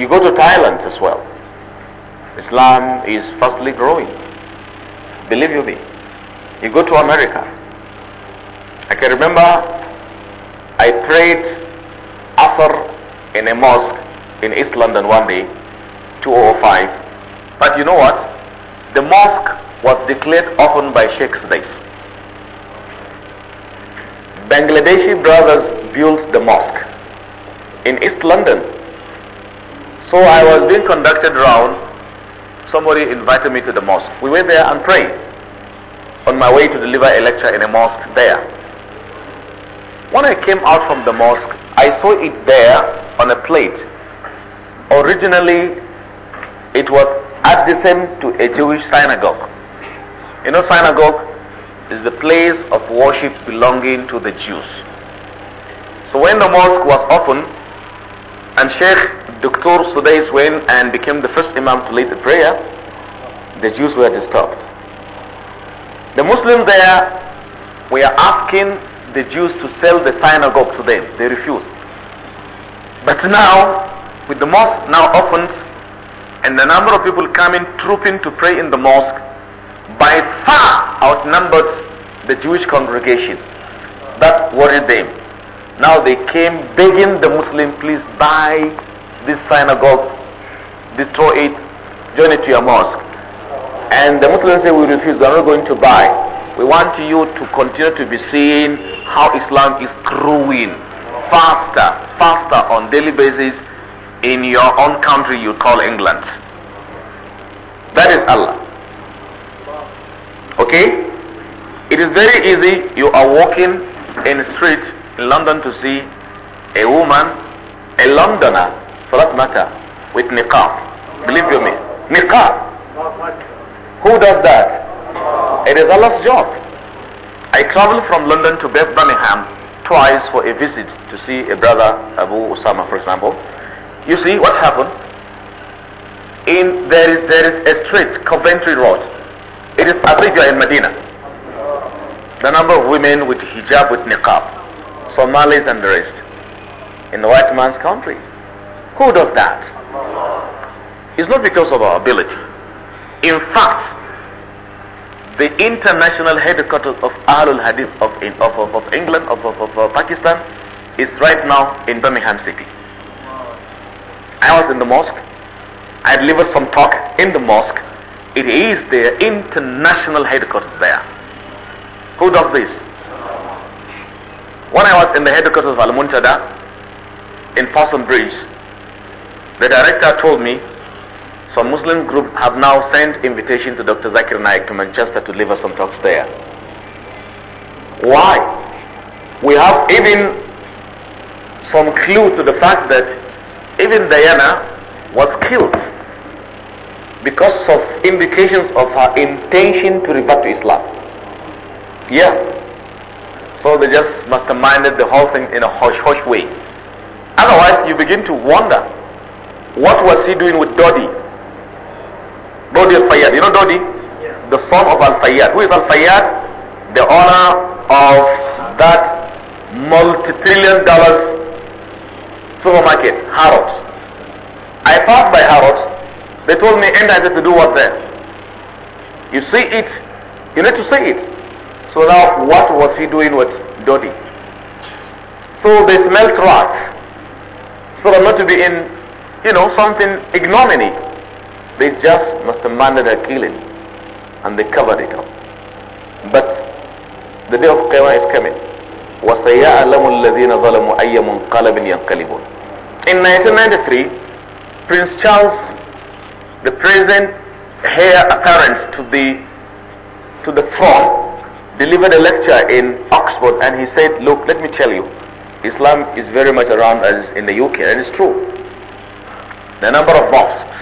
You go to Thailand as well. Islam is fastly growing. Believe you me. You go to America. I can remember I prayed Asr in a mosque in East London one day 205, But you know what? The mosque was declared open by Sheikh's days. Bangladeshi brothers built the mosque in East London. So I was being conducted around. Somebody invited me to the mosque. We went there and prayed on my way to deliver a lecture in a mosque there. When I came out from the mosque, I saw it there on a plate. Originally, it was adjacent to a Jewish synagogue. You know, synagogue is the place of worship belonging to the Jews. So when the mosque was opened, and Sheikh Dr. Sudais went and became the first Imam to lead the prayer, the Jews were disturbed. The Muslims there were asking the Jews to sell the synagogue to them. They refused. But now, with the mosque now opened, and the number of people coming trooping to pray in the mosque by far outnumbered the Jewish congregation. That worried them. Now they came begging the Muslim, please buy this synagogue, destroy it, join it to your mosque. And the Muslims said, we refuse, we are not going to buy. We want you to continue to be seeing how Islam is growing faster, faster on daily basis in your own country you call England. That is Allah. Okay? It is very easy. You are walking in the street in London to see a woman, a Londoner, for that matter, with niqab. Believe you me. Niqab. Who does that? It is Allah's job. I traveled from London to Birmingham twice for a visit to see a brother, Abu Osama, for example. You see what happened? In there is there is a street, Coventry Road. It is as if you are in Medina. The number of women with hijab, with niqab, Somalis and the rest, in the white man's country. Who does that? It's not because of our ability. In fact, the international headquarters of Ahlul Hadith of, of, of, of England, of, of, of Pakistan, is right now in Birmingham City. I was in the mosque. I delivered some talk in the mosque. It is their international headquarters there. Who does this? When I was in the headquarters of Al Muntada in Possum Bridge, the director told me some Muslim group have now sent invitation to Dr. Zakir Naik to Manchester to deliver some talks there. Why? We have even some clue to the fact that even Diana was killed because of indications of her intention to revert to Islam. Yeah. So they just masterminded the whole thing in a hush-hush way. Otherwise, you begin to wonder, what was he doing with Dodi? Dodi al-Fayyad. You know Dodi? Yeah. The son of al-Fayyad. Who is al-Fayyad? The owner of that multi-trillion dollars supermarket, Harrods. I passed by Harrods. They told me, and I had to do what there? You see it, you need to see it. So now, what was he doing with Dodi? So they smelled rats. So not to be in, you know, something ignominy. They just must have minded a killing. And they covered it up. But the day of Qiyamah is coming. وَسَيَعْلَمُ الَّذِينَ ظَلَمُوا أَيَّ مُنْقَلَبٍ يَنْقَلِبُونَ In 1993, Prince Charles, the present heir apparent to the, to the throne, delivered a lecture in Oxford and he said, look, let me tell you, Islam is very much around us in the UK and it's true. The number of mosques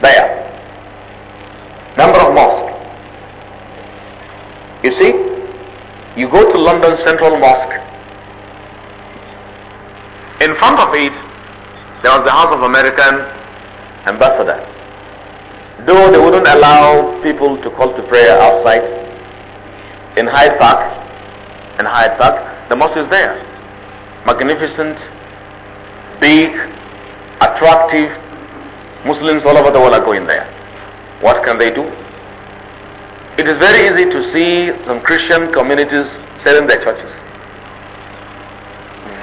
there, number of mosques. You see, you go to London Central Mosque. In front of it, there was the House of American Ambassador. Though they wouldn't allow people to call to prayer outside in Hyde Park, in Hyde Park, the mosque is there. Magnificent, big, attractive. Muslims all over the world are going there. What can they do? It is very easy to see some Christian communities selling their churches.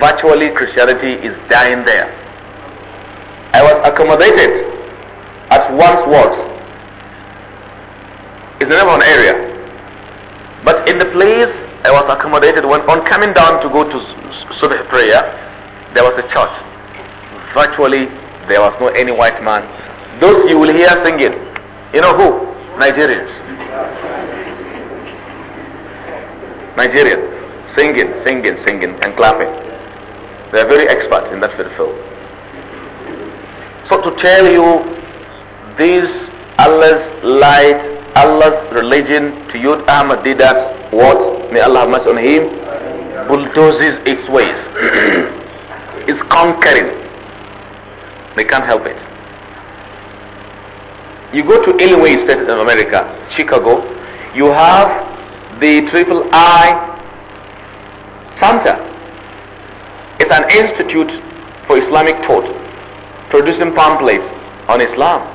Virtually Christianity is dying there. I was accommodated at once was. It's the name an area. But in the place I was accommodated when on coming down to go to Subh prayer, there was a church. Virtually there was no any white man. Those you will hear singing, you know who? Nigerians. Nigerians, singing, singing, singing, and clapping. They are very experts in that field. So to tell you this Allah's light, Allah's religion to you Ahmad did that what? May Allah have mercy on him. Bulldozes its ways. it's conquering. They can't help it. You go to Illinois State of America, Chicago, you have the triple I Center. It's an institute for Islamic thought, producing pamphlets on Islam.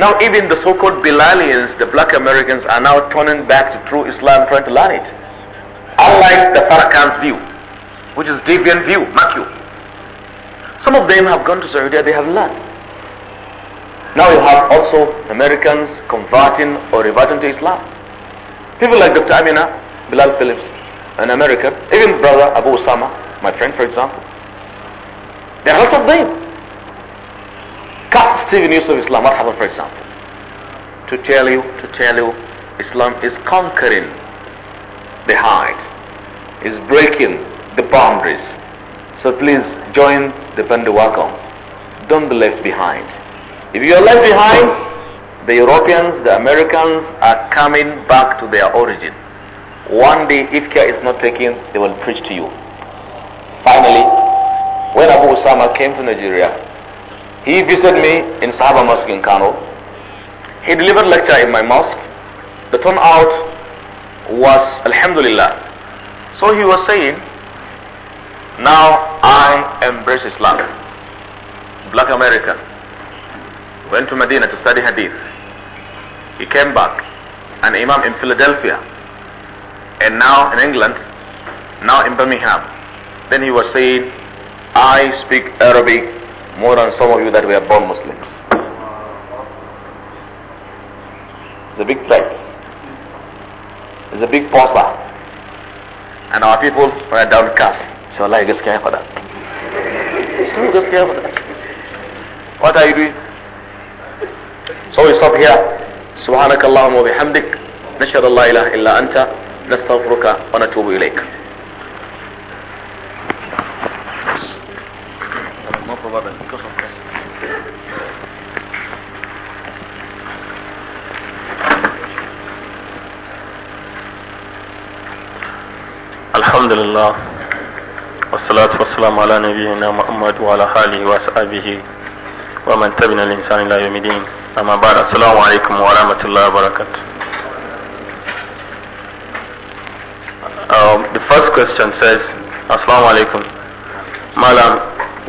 Now even the so-called Bilalians, the black Americans, are now turning back to true Islam, trying to learn it. Unlike the Farrakhan's view, which is deviant view, mark you. Some of them have gone to Saudi they have learned. Now you have also Americans converting or reverting to Islam. People like Dr. Amina Bilal Phillips in America, even brother Abu Osama, my friend for example. There are lots of them. Cut Stephen Yusuf Islam, What happened, for example. To tell you, to tell you, Islam is conquering the heights, is breaking the boundaries. So please join the bandwagon. Don't be left behind. If you are left behind, the Europeans, the Americans are coming back to their origin. One day, if care is not taken, they will preach to you. Finally, when Abu Osama came to Nigeria, he visited me in Sahaba Mosque in Kano. He delivered lecture in my mosque. The turnout was Alhamdulillah. So he was saying, now I embrace Islam. Black American. Went to Medina to study Hadith. He came back, an imam in Philadelphia, and now in England, now in Birmingham. Then he was saying, I speak Arabic more than some of you that were born Muslims. It's a big threat. It's a big posa. And our people were downcast. So Allah, just came for that. just care for that. What are you doing? So we stop here. سبحانك اللهم وبحمدك نشهد الله إله إلا أنت نستغفرك ونتوب إليك الحمد لله والصلاة والسلام على نبينا محمد وعلى آله وأصحابه ومن تبنى الإنسان لا يوم الدين أما بعد السلام عليكم ورحمة الله وبركاته um, the first question says Assalamu alaikum Malam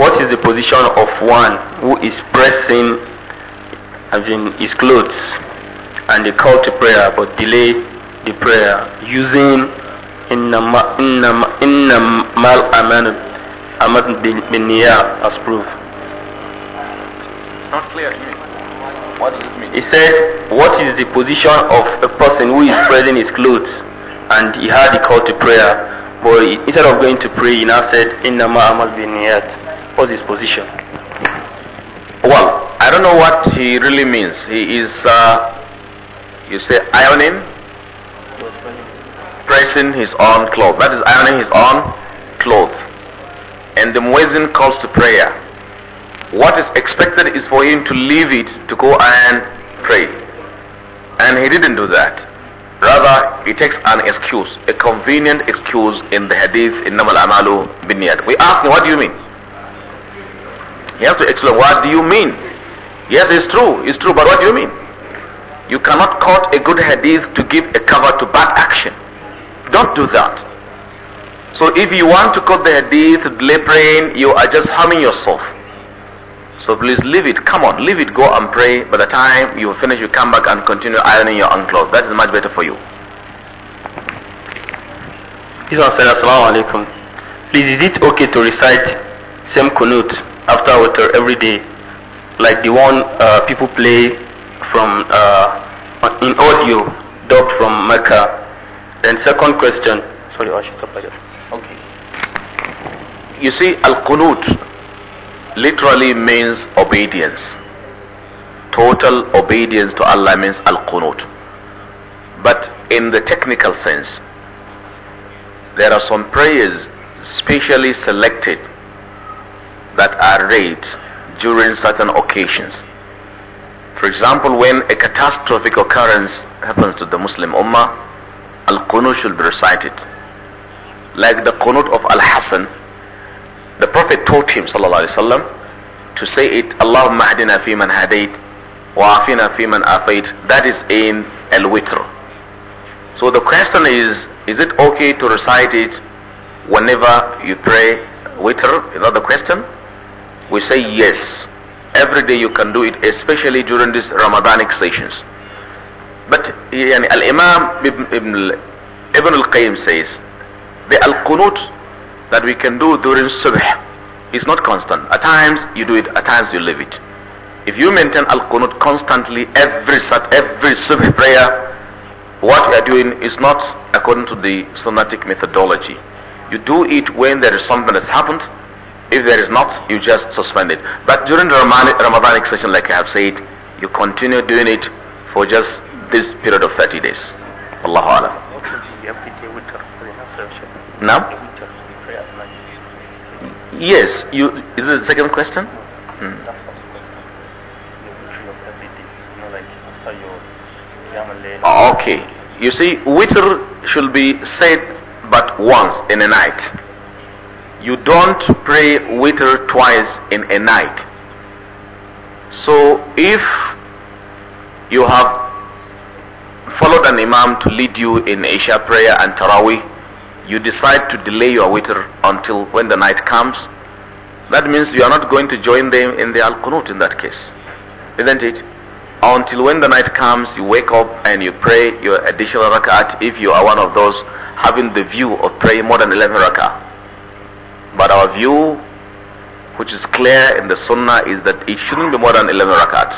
what is the position of one who is pressing I mean, his clothes and the call to prayer but delay the prayer using inna innama mal amanu amad bin as proof it's not clear to me what does it mean? He said, what is the position of a person who is spreading his clothes and he had a call to prayer, but he, instead of going to pray, he now said, Inna ma'amal biniyat. What's his position? Well, I don't know what he really means. He is, uh, you say, ironing, pressing his own cloth. That is ironing his own cloth. And the muezzin calls to prayer what is expected is for him to leave it to go and pray. And he didn't do that. Rather, he takes an excuse, a convenient excuse in the hadith in Namal Amalu Binyad. We ask him, what do you mean? He has to explain, what do you mean? Yes, it's true, it's true, but what do you mean? You cannot quote a good hadith to give a cover to bad action. Don't do that. So if you want to quote the hadith, delay praying, you are just harming yourself. So please leave it. Come on, leave it. Go and pray. By the time you finish, you come back and continue ironing your own clothes. That is much better for you. This one said, Assalamu Please, is it okay to recite same kunut after water every day? Like the one uh, people play from uh, in audio dubbed from Mecca. Then second question. Sorry, I should stop Okay. You see, al kunut literally means obedience. Total obedience to Allah means al-qunut. But in the technical sense, there are some prayers specially selected that are read during certain occasions. For example, when a catastrophic occurrence happens to the Muslim Ummah, Al-Qunut should be recited. Like the Qunut of Al-Hasan, the Prophet taught him sallallahu alaihi wasallam to say it Allahumma hadina fi man hadait wa afina fi man afait that is in al-witr. So the question is is it okay to recite it whenever you pray witr? Is that the question? We say yes. Every day you can do it especially during these Ramadanic sessions. But yani, Al-Imam Ibn, Ibn Al-Qayyim says the Al-Qunut that we can do during subh is not constant. At times you do it, at times you leave it. If you maintain al-qunut constantly every sat, every subh prayer, what you are doing is not according to the sunnatic methodology. You do it when there is something that's happened. If there is not, you just suspend it. But during the Ramadanic session, like I have said, you continue doing it for just this period of 30 days. Allahu Alam. Now? Yes, you, is it the second question? Hmm. Ah, okay. You see, witr should be said but once in a night. You don't pray witr twice in a night. So if you have followed an imam to lead you in Isha prayer and Taraweeh, you decide to delay your witr until when the night comes, that means you are not going to join them in the al kunut in that case. Isn't it? Until when the night comes, you wake up and you pray your additional rak'at if you are one of those having the view of praying more than 11 rak'ah. But our view, which is clear in the sunnah, is that it shouldn't be more than 11 rak'at.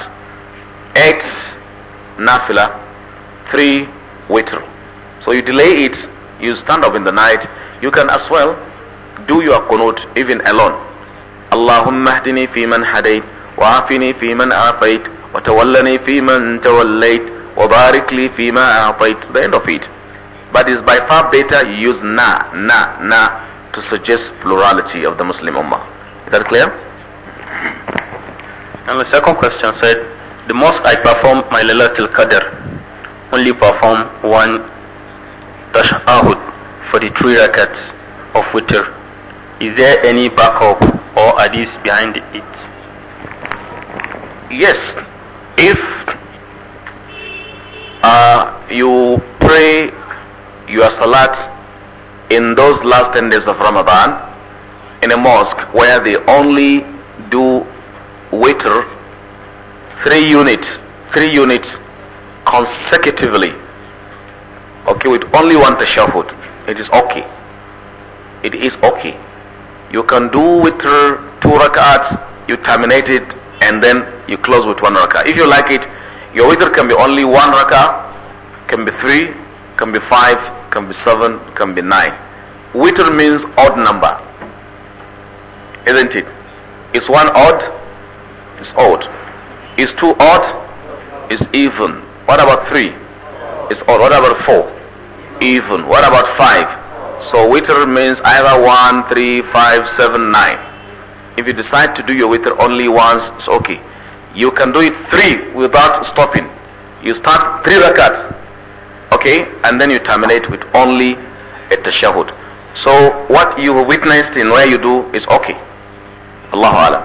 8 nafila, 3 witr. So you delay it you stand up in the night, you can as well do your qunut even alone. Allahumma fi man اهدني فيمن هديت وعافني فيمن عافيت وتولني فيمن توليت وبارك fi فيما أعطيت the end of it but it's by far better you use na na na to suggest plurality of the Muslim Ummah is that clear? and the second question said the most I perform my Lailatul Qadr only perform one tashahud for the three rakats of witr, is there any backup or hadith behind it? Yes, if uh, you pray your salat in those last 10 days of Ramadan in a mosque where they only do witr three units, three units consecutively okay with only one tashahud it is okay it is okay you can do with two rak'ats you terminate it and then you close with one rak'ah if you like it your witr can be only one rak'ah can be three can be five can be seven can be nine witr means odd number isn't it it's one odd it's odd it's two odd it's even what about three is odd. What about four? Even. What about five? So witr means either one, three, five, seven, nine. If you decide to do your witr only once, it's okay. You can do it three without stopping. You start three rakats, okay, and then you terminate with only a tashahud. So what you witnessed in where you do is okay. Allahu Alam.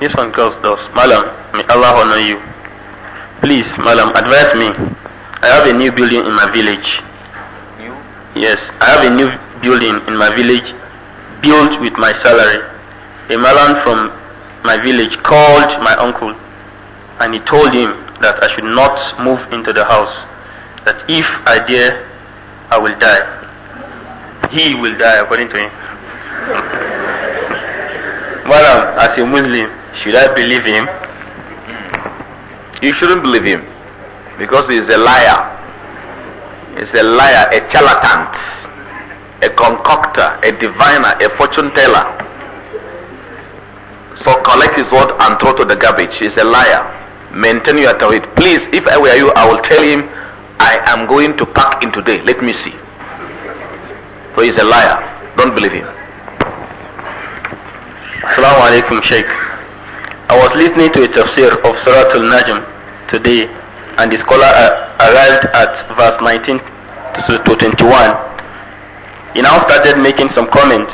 This one goes those. Malam. May Allah honor you. Please, madam, advise me. I have a new building in my village. New? Yes, I have a new building in my village built with my salary. A man from my village called my uncle and he told him that I should not move into the house, that if I dare, I will die. He will die according to him. Madam, as a Muslim, should I believe him? you shouldn't believe him because he's a liar. He's a liar, a charlatan, a concoctor, a diviner, a fortune teller. So collect his word and throw to the garbage. He's a liar. Maintain your tawhid. Please, if I were you, I will tell him I am going to pack in today. Let me see. For so he's a liar. Don't believe him. Assalamu alaikum, Sheikh. I was listening to a tafsir of Surah Al-Najm today, and the scholar uh, arrived at verse 19 to 21. He now started making some comments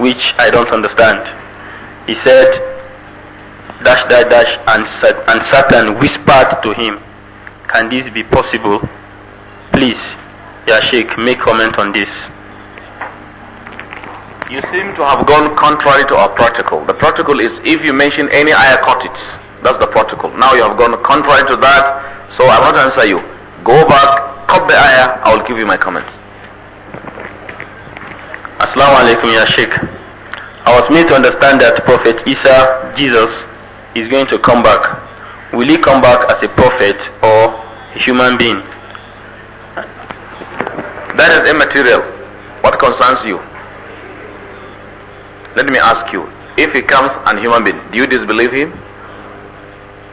which I don't understand. He said, dash, dash, dash, and, and Satan whispered to him, Can this be possible? Please, Ya Sheikh, make comment on this you seem to have gone contrary to our protocol. The protocol is if you mention any ayah, cut it. That's the protocol. Now you have gone contrary to that, so I won't answer you. Go back, cut the ayah, I will give you my comment. Assalamu alaikum, Ya Sheikh. I was made to understand that Prophet Isa, Jesus, is going to come back. Will he come back as a prophet or a human being? That is immaterial. What concerns you? Let me ask you, if he comes as a human being, do you disbelieve him?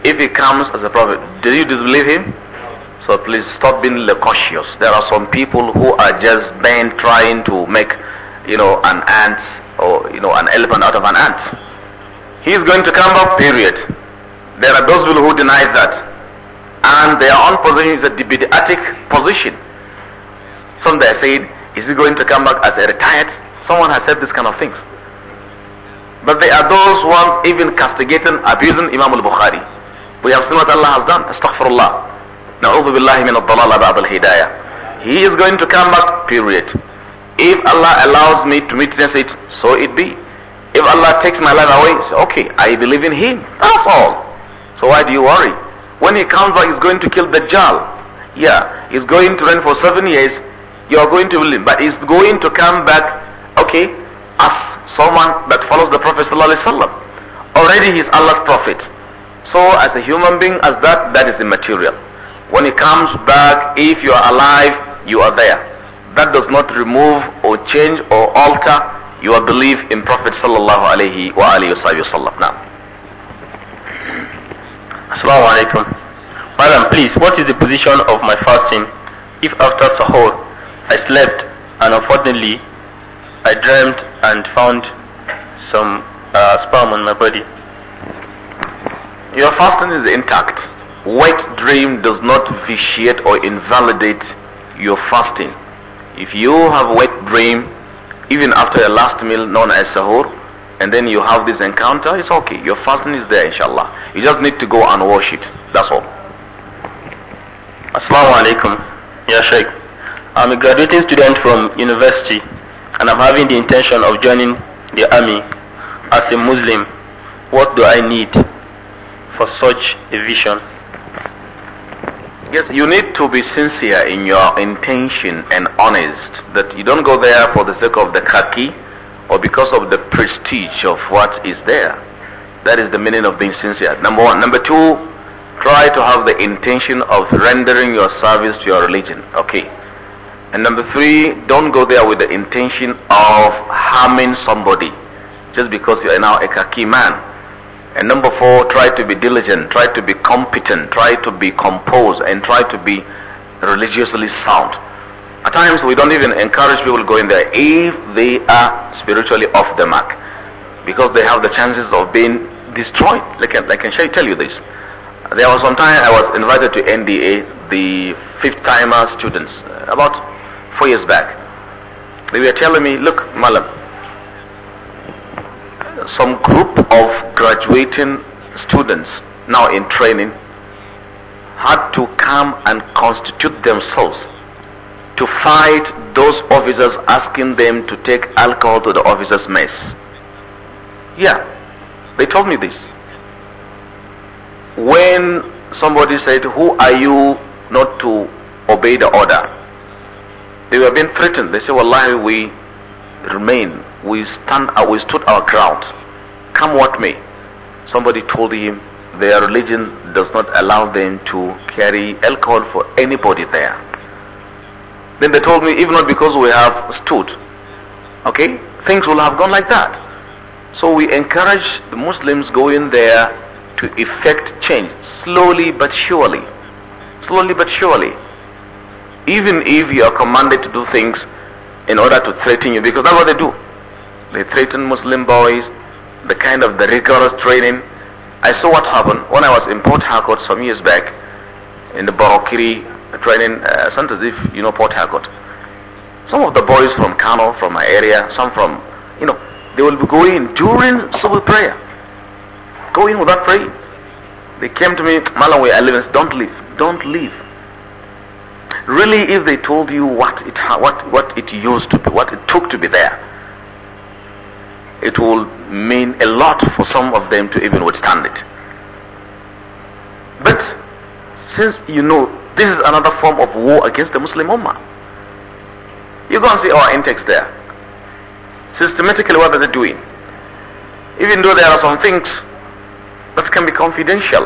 If he comes as a prophet, do you disbelieve him? So please stop being cautious. There are some people who are just bent trying to make, you know, an ant or, you know, an elephant out of an ant. He is going to come back, period. There are those people who deny that. And their own position is a debatic position. Some they are saying, is he going to come back as a retired? Someone has said this kind of things. But there are those ones even castigating, abusing Imam al-Bukhari. We have seen what Allah has done. Astaghfirullah. Na'udhu billahi min al dalala ba al-hidayah. He is going to come back, period. If Allah allows me to witness it, so it be. If Allah takes my life away, say, okay, I believe in Him. That's all. So why do you worry? When He comes back, He's going to kill Dajjal. Yeah, He's going to reign for seven years. You are going to believe. But He's going to come back, okay, as someone that follows the Prophet ﷺ. Already he is Allah's prophet. So as a human being as that, that is immaterial. When he comes back, if you are alive, you are there. That does not remove or change or alter your belief in Prophet sallallahu alaihi wasallam. Now. Assalamu alaikum. Madam, please, what is the position of my fasting if after sahur I slept and unfortunately I dreamt and found some uh, sperm on my body. Your fasting is intact. Wet dream does not vitiate or invalidate your fasting. If you have wet dream, even after your last meal known as sahur, and then you have this encounter, it's okay. Your fasting is there, inshallah. You just need to go and wash it. That's all. Assalamu alaikum. Yeah, Sheikh. I'm a graduating student from university and I'm having the intention of joining the army as a Muslim, what do I need for such a vision? Yes, you need to be sincere in your intention and honest that you don't go there for the sake of the khaki or because of the prestige of what is there. That is the meaning of being sincere. Number one. Number two, try to have the intention of rendering your service to your religion. Okay. And number three, don't go there with the intention of harming somebody just because you are now a khaki man. And number four, try to be diligent, try to be competent, try to be composed, and try to be religiously sound. At times, we don't even encourage people go in there if they are spiritually off the mark because they have the chances of being destroyed. Like, I can tell you this. There was one time I was invited to NDA, the fifth timer students, about four years back. They were telling me, look, Malam, some group of graduating students now in training had to come and constitute themselves to fight those officers asking them to take alcohol to the officers' mess. Yeah, they told me this. When somebody said, Who are you not to obey the order? They were being threatened. They said, Wallahi, we remain. We stand uh, we stood our ground. Come what may. Somebody told him their religion does not allow them to carry alcohol for anybody there. Then they told me, even not because we have stood, okay, things will have gone like that. So we encourage the Muslims going there to effect change slowly but surely. Slowly but surely even if you are commanded to do things in order to threaten you, because that's what they do. They threaten Muslim boys, the kind of the rigorous training. I saw what happened when I was in Port Harcourt some years back in the Barokiri training uh, center, if you know Port Harcourt. Some of the boys from Kano, from my area, some from, you know, they will be going during civil prayer. Going without praying. They came to me, Malawi, I live in, don't leave, don't leave. Really, if they told you what it, what, what it used to be, what it took to be there, it will mean a lot for some of them to even withstand it. But since you know this is another form of war against the Muslim Ummah, you go and see our intakes there. Systematically, what are they doing? Even though there are some things that can be confidential,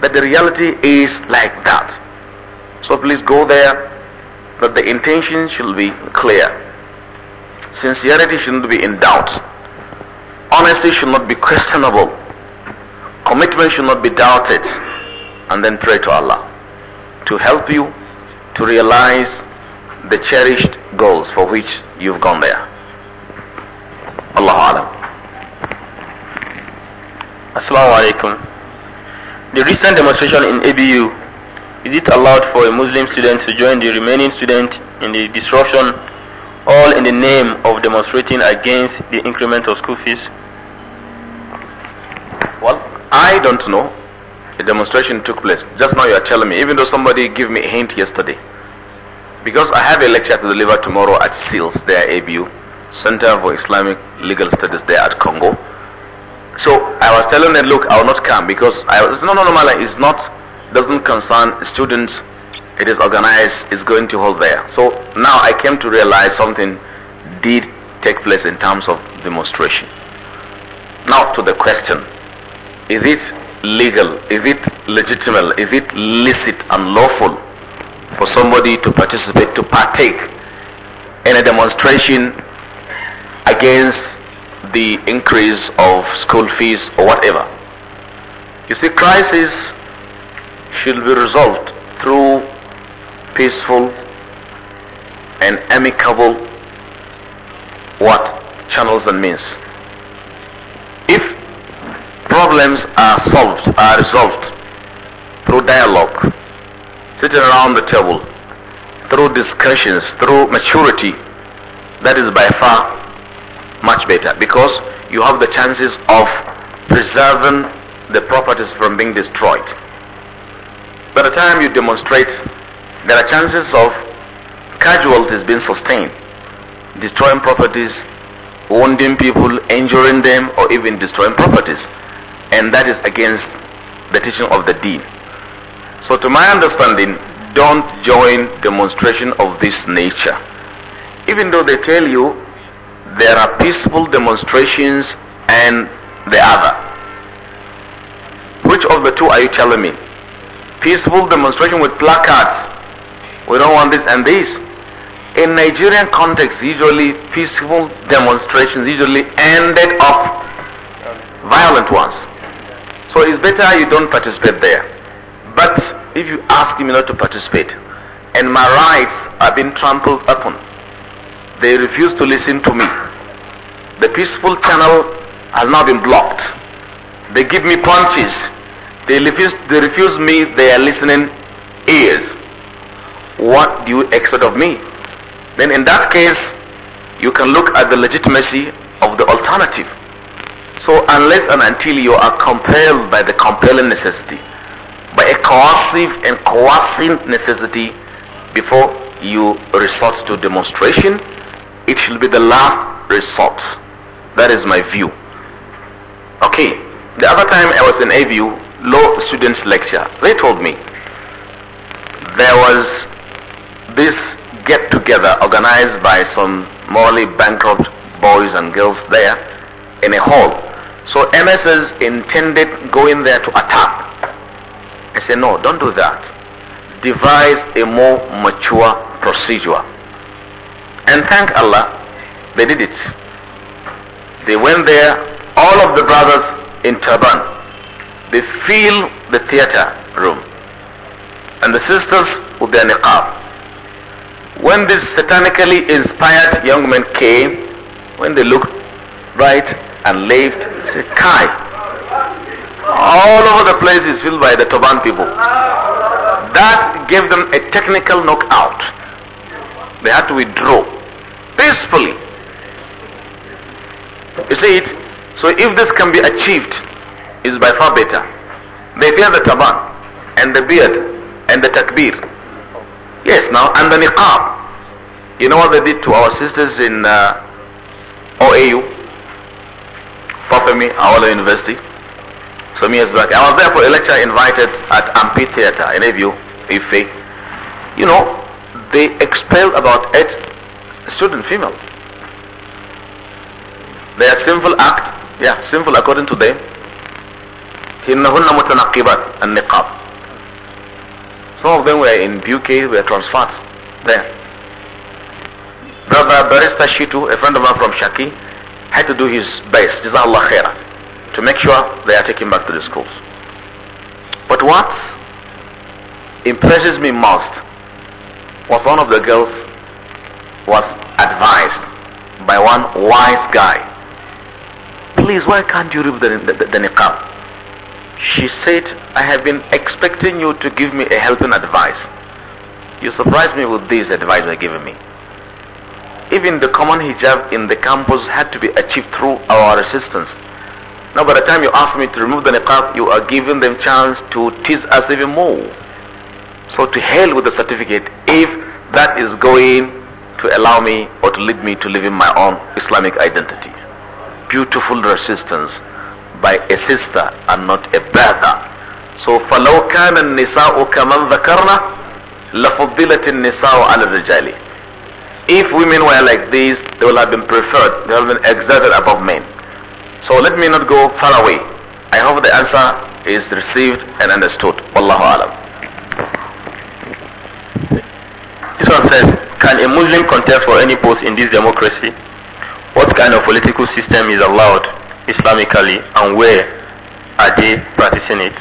but the reality is like that. So please go there that the intention should be clear. Sincerity shouldn't be in doubt. Honesty should not be questionable. Commitment should not be doubted. And then pray to Allah to help you to realize the cherished goals for which you've gone there. Allah Alam. Assalamu alaikum. The recent demonstration in ABU is it allowed for a Muslim student to join the remaining student in the disruption, all in the name of demonstrating against the increment of school fees? Well, I don't know. A demonstration took place. Just now you are telling me, even though somebody gave me a hint yesterday. Because I have a lecture to deliver tomorrow at SEALS, at ABU, Center for Islamic Legal Studies there at Congo. So I was telling them, look, I will not come because I was, no, no, no, it's not doesn't concern students. It is organized, it's going to hold there. So now I came to realize something did take place in terms of demonstration. Now to the question, is it legal, is it legitimate, is it licit and lawful for somebody to participate, to partake in a demonstration against the increase of school fees or whatever? You see, crisis shall be resolved through peaceful and amicable what channels and means if problems are solved are resolved through dialogue sitting around the table through discussions through maturity that is by far much better because you have the chances of preserving the properties from being destroyed by the time you demonstrate, there are chances of casualties being sustained, destroying properties, wounding people, injuring them, or even destroying properties. And that is against the teaching of the deen. So, to my understanding, don't join demonstration of this nature. Even though they tell you there are peaceful demonstrations and the other. Which of the two are you telling me? peaceful demonstration with placards. We don't want this and this. In Nigerian context, usually peaceful demonstrations usually ended up violent ones. So it's better you don't participate there. But if you ask me not to participate, and my rights are being trampled upon, they refuse to listen to me. The peaceful channel has now been blocked. They give me punches they refuse, they refuse me their listening ears. What do you expect of me? Then in that case, you can look at the legitimacy of the alternative. So unless and until you are compelled by the compelling necessity, by a coercive and coercing necessity, before you resort to demonstration, it should be the last resort. That is my view. Okay. The other time I was in a view law students lecture, they told me there was this get together organized by some morally bankrupt boys and girls there in a hall. So MSs intended going there to attack. I said, no, don't do that. Devise a more mature procedure. And thank Allah, they did it. They went there, all of the brothers in turban, they fill the theater room. And the sisters with their niqab. When these satanically inspired young men came, when they looked right and left, they said, Kai, all over the place is filled by the Toban people. That gave them a technical knockout. They had to withdraw peacefully. You see it? So if this can be achieved, is by far better. They fear the turban and the beard and the takbir. Yes, now, and the niqab. You know what they did to our sisters in uh, OAU? Fafemi, Awala University. Some years back. I was there for a lecture invited at Amphitheater in if they, You know, they expelled about eight student female. Their sinful act, yeah, sinful according to them, إنهن متنقبات النقاب some of them were in UK were transferred there brother Barista Shitu a friend of mine from Shaki had to do his best Jazallah khairah to make sure they are taken back to the schools but what impresses me most was one of the girls was advised by one wise guy please why can't you remove the, the, the niqab she said, I have been expecting you to give me a helping advice. You surprised me with this advice you're giving me. Even the common hijab in the campus had to be achieved through our resistance. Now by the time you ask me to remove the niqab, you are giving them chance to tease us even more. So to hell with the certificate if that is going to allow me or to lead me to live in my own Islamic identity. Beautiful resistance by a sister and not a brother. So فلو كان النساء كمن ذكرنا لفضلت النساء على الرجال. If women were like these, they would have been preferred, they would have been exerted above men. So let me not go far away. I hope the answer is received and understood. Wallahu alam. This one says, can a Muslim contest for any post in this democracy? What kind of political system is allowed? Islamically and where are they practicing it?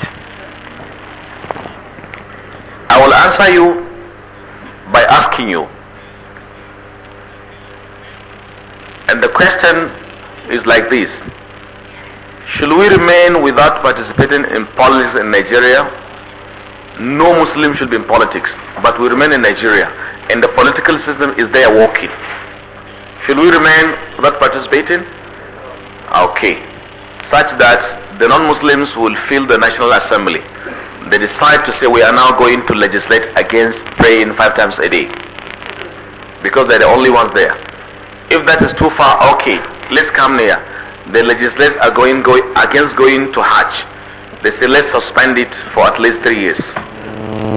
I will answer you by asking you. And the question is like this. Should we remain without participating in politics in Nigeria? No Muslim should be in politics, but we remain in Nigeria and the political system is there working. Should we remain without participating? Okay. Such that the non-Muslims will fill the National Assembly. They decide to say we are now going to legislate against praying five times a day. Because they're the only ones there. If that is too far, okay, let's come near. The legislators are going, going against going to Hajj. They say let's suspend it for at least three years.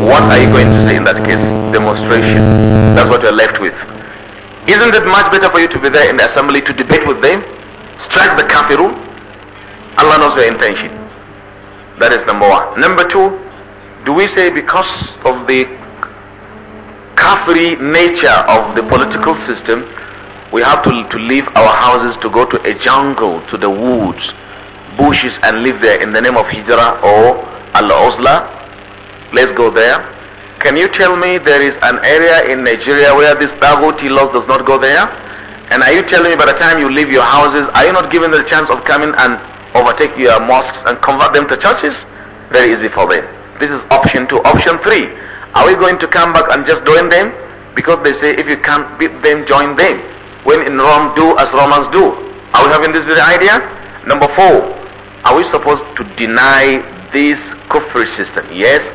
What are you going to say in that case? Demonstration. That's what you're left with. Isn't it much better for you to be there in the assembly to debate with them? strike the kafirun, Allah knows their intention. That is number one. Number two, do we say because of the kafiri nature of the political system, we have to, to leave our houses to go to a jungle, to the woods, bushes and live there in the name of hijrah or al-uzla? Let's go there. Can you tell me there is an area in Nigeria where this Dagoti law does not go there? And are you telling me by the time you leave your houses, are you not given the chance of coming and overtake your mosques and convert them to churches? Very easy for them. This is option two. Option three, are we going to come back and just join them? Because they say if you can't beat them, join them. When in Rome, do as Romans do. Are we having this idea? Number four, are we supposed to deny this kufr system? Yes,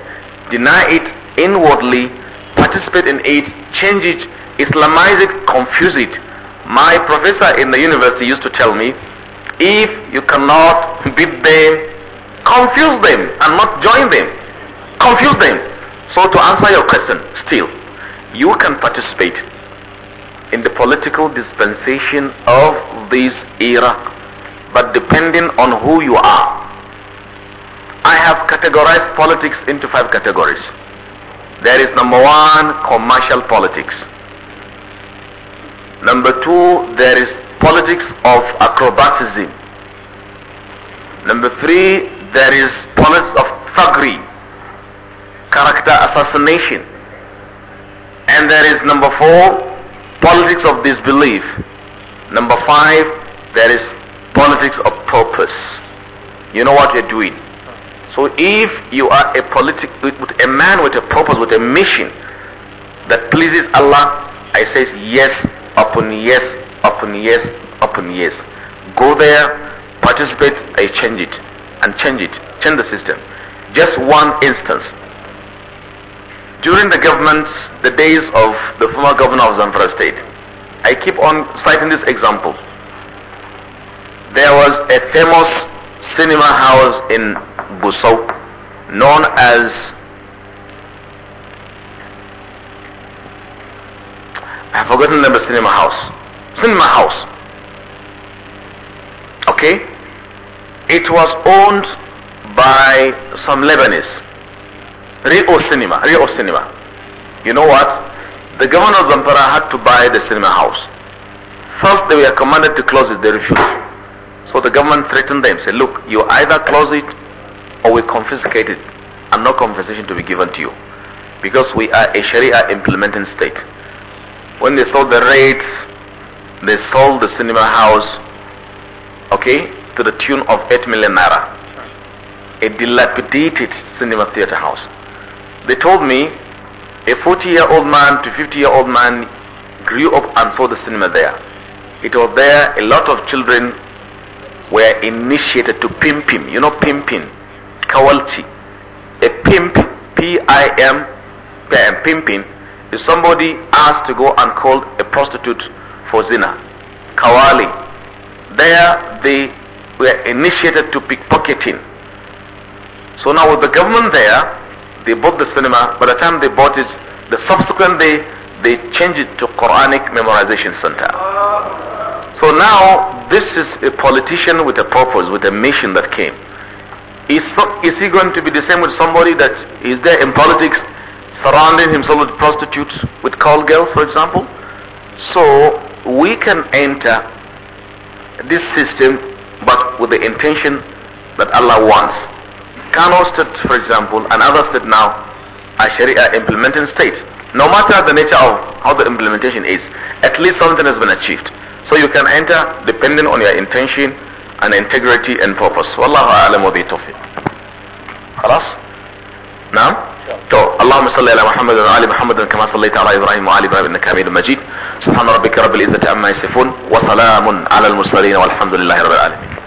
deny it inwardly, participate in it, change it, Islamize it, confuse it my professor in the university used to tell me, if you cannot beat them, confuse them and not join them. Confuse them. So to answer your question, still, you can participate in the political dispensation of this era, but depending on who you are. I have categorized politics into five categories. There is number one, commercial politics. Number two, there is politics of acrobatism. Number three, there is politics of thuggery, character assassination. And there is number four, politics of disbelief. Number five, there is politics of purpose. You know what you're doing. So if you are a politic, a man with a purpose, with a mission that pleases Allah, I say yes upon yes, upon yes, upon yes. Go there, participate, I change it, and change it, change the system. Just one instance. During the government, the days of the former governor of Zamfara State, I keep on citing this example. There was a famous cinema house in Busau known as I've forgotten the cinema house. Cinema house. Okay? It was owned by some Lebanese. Rio Cinema. Rio Cinema. You know what? The governor of Zampara had to buy the cinema house. First they were commanded to close it, they refused. So the government threatened them, said, look, you either close it or we confiscate it and no compensation to be given to you. Because we are a Sharia implementing state. When they saw the rates, they sold the cinema house, okay, to the tune of 8 million naira. A dilapidated cinema theater house. They told me a 40 year old man to 50 year old man grew up and saw the cinema there. It was there a lot of children were initiated to pimping. You know pimping, kawalchi. A pimp, P-I-M, pimping if somebody asked to go and call a prostitute for zina, kawali, there they were initiated to pickpocketing. So now with the government there, they bought the cinema. By the time they bought it, the subsequent day, they changed it to Quranic Memorization Center. So now this is a politician with a purpose, with a mission that came. Is, is he going to be the same with somebody that is there in politics surrounding himself with prostitutes, with call girls, for example. So we can enter this system, but with the intention that Allah wants. Kano state, for example, and other state now are Sharia implementing states. No matter the nature of how the implementation is, at least something has been achieved. So you can enter depending on your intention and integrity and purpose. Wallahu alam wa bi tawfiq. Now? تو اللهم صل على محمد وعلى محمد كما صليت على ابراهيم وعلى ابراهيم انك حميد مجيد سبحان ربك رب العزه عما يصفون وسلام على المرسلين والحمد لله رب العالمين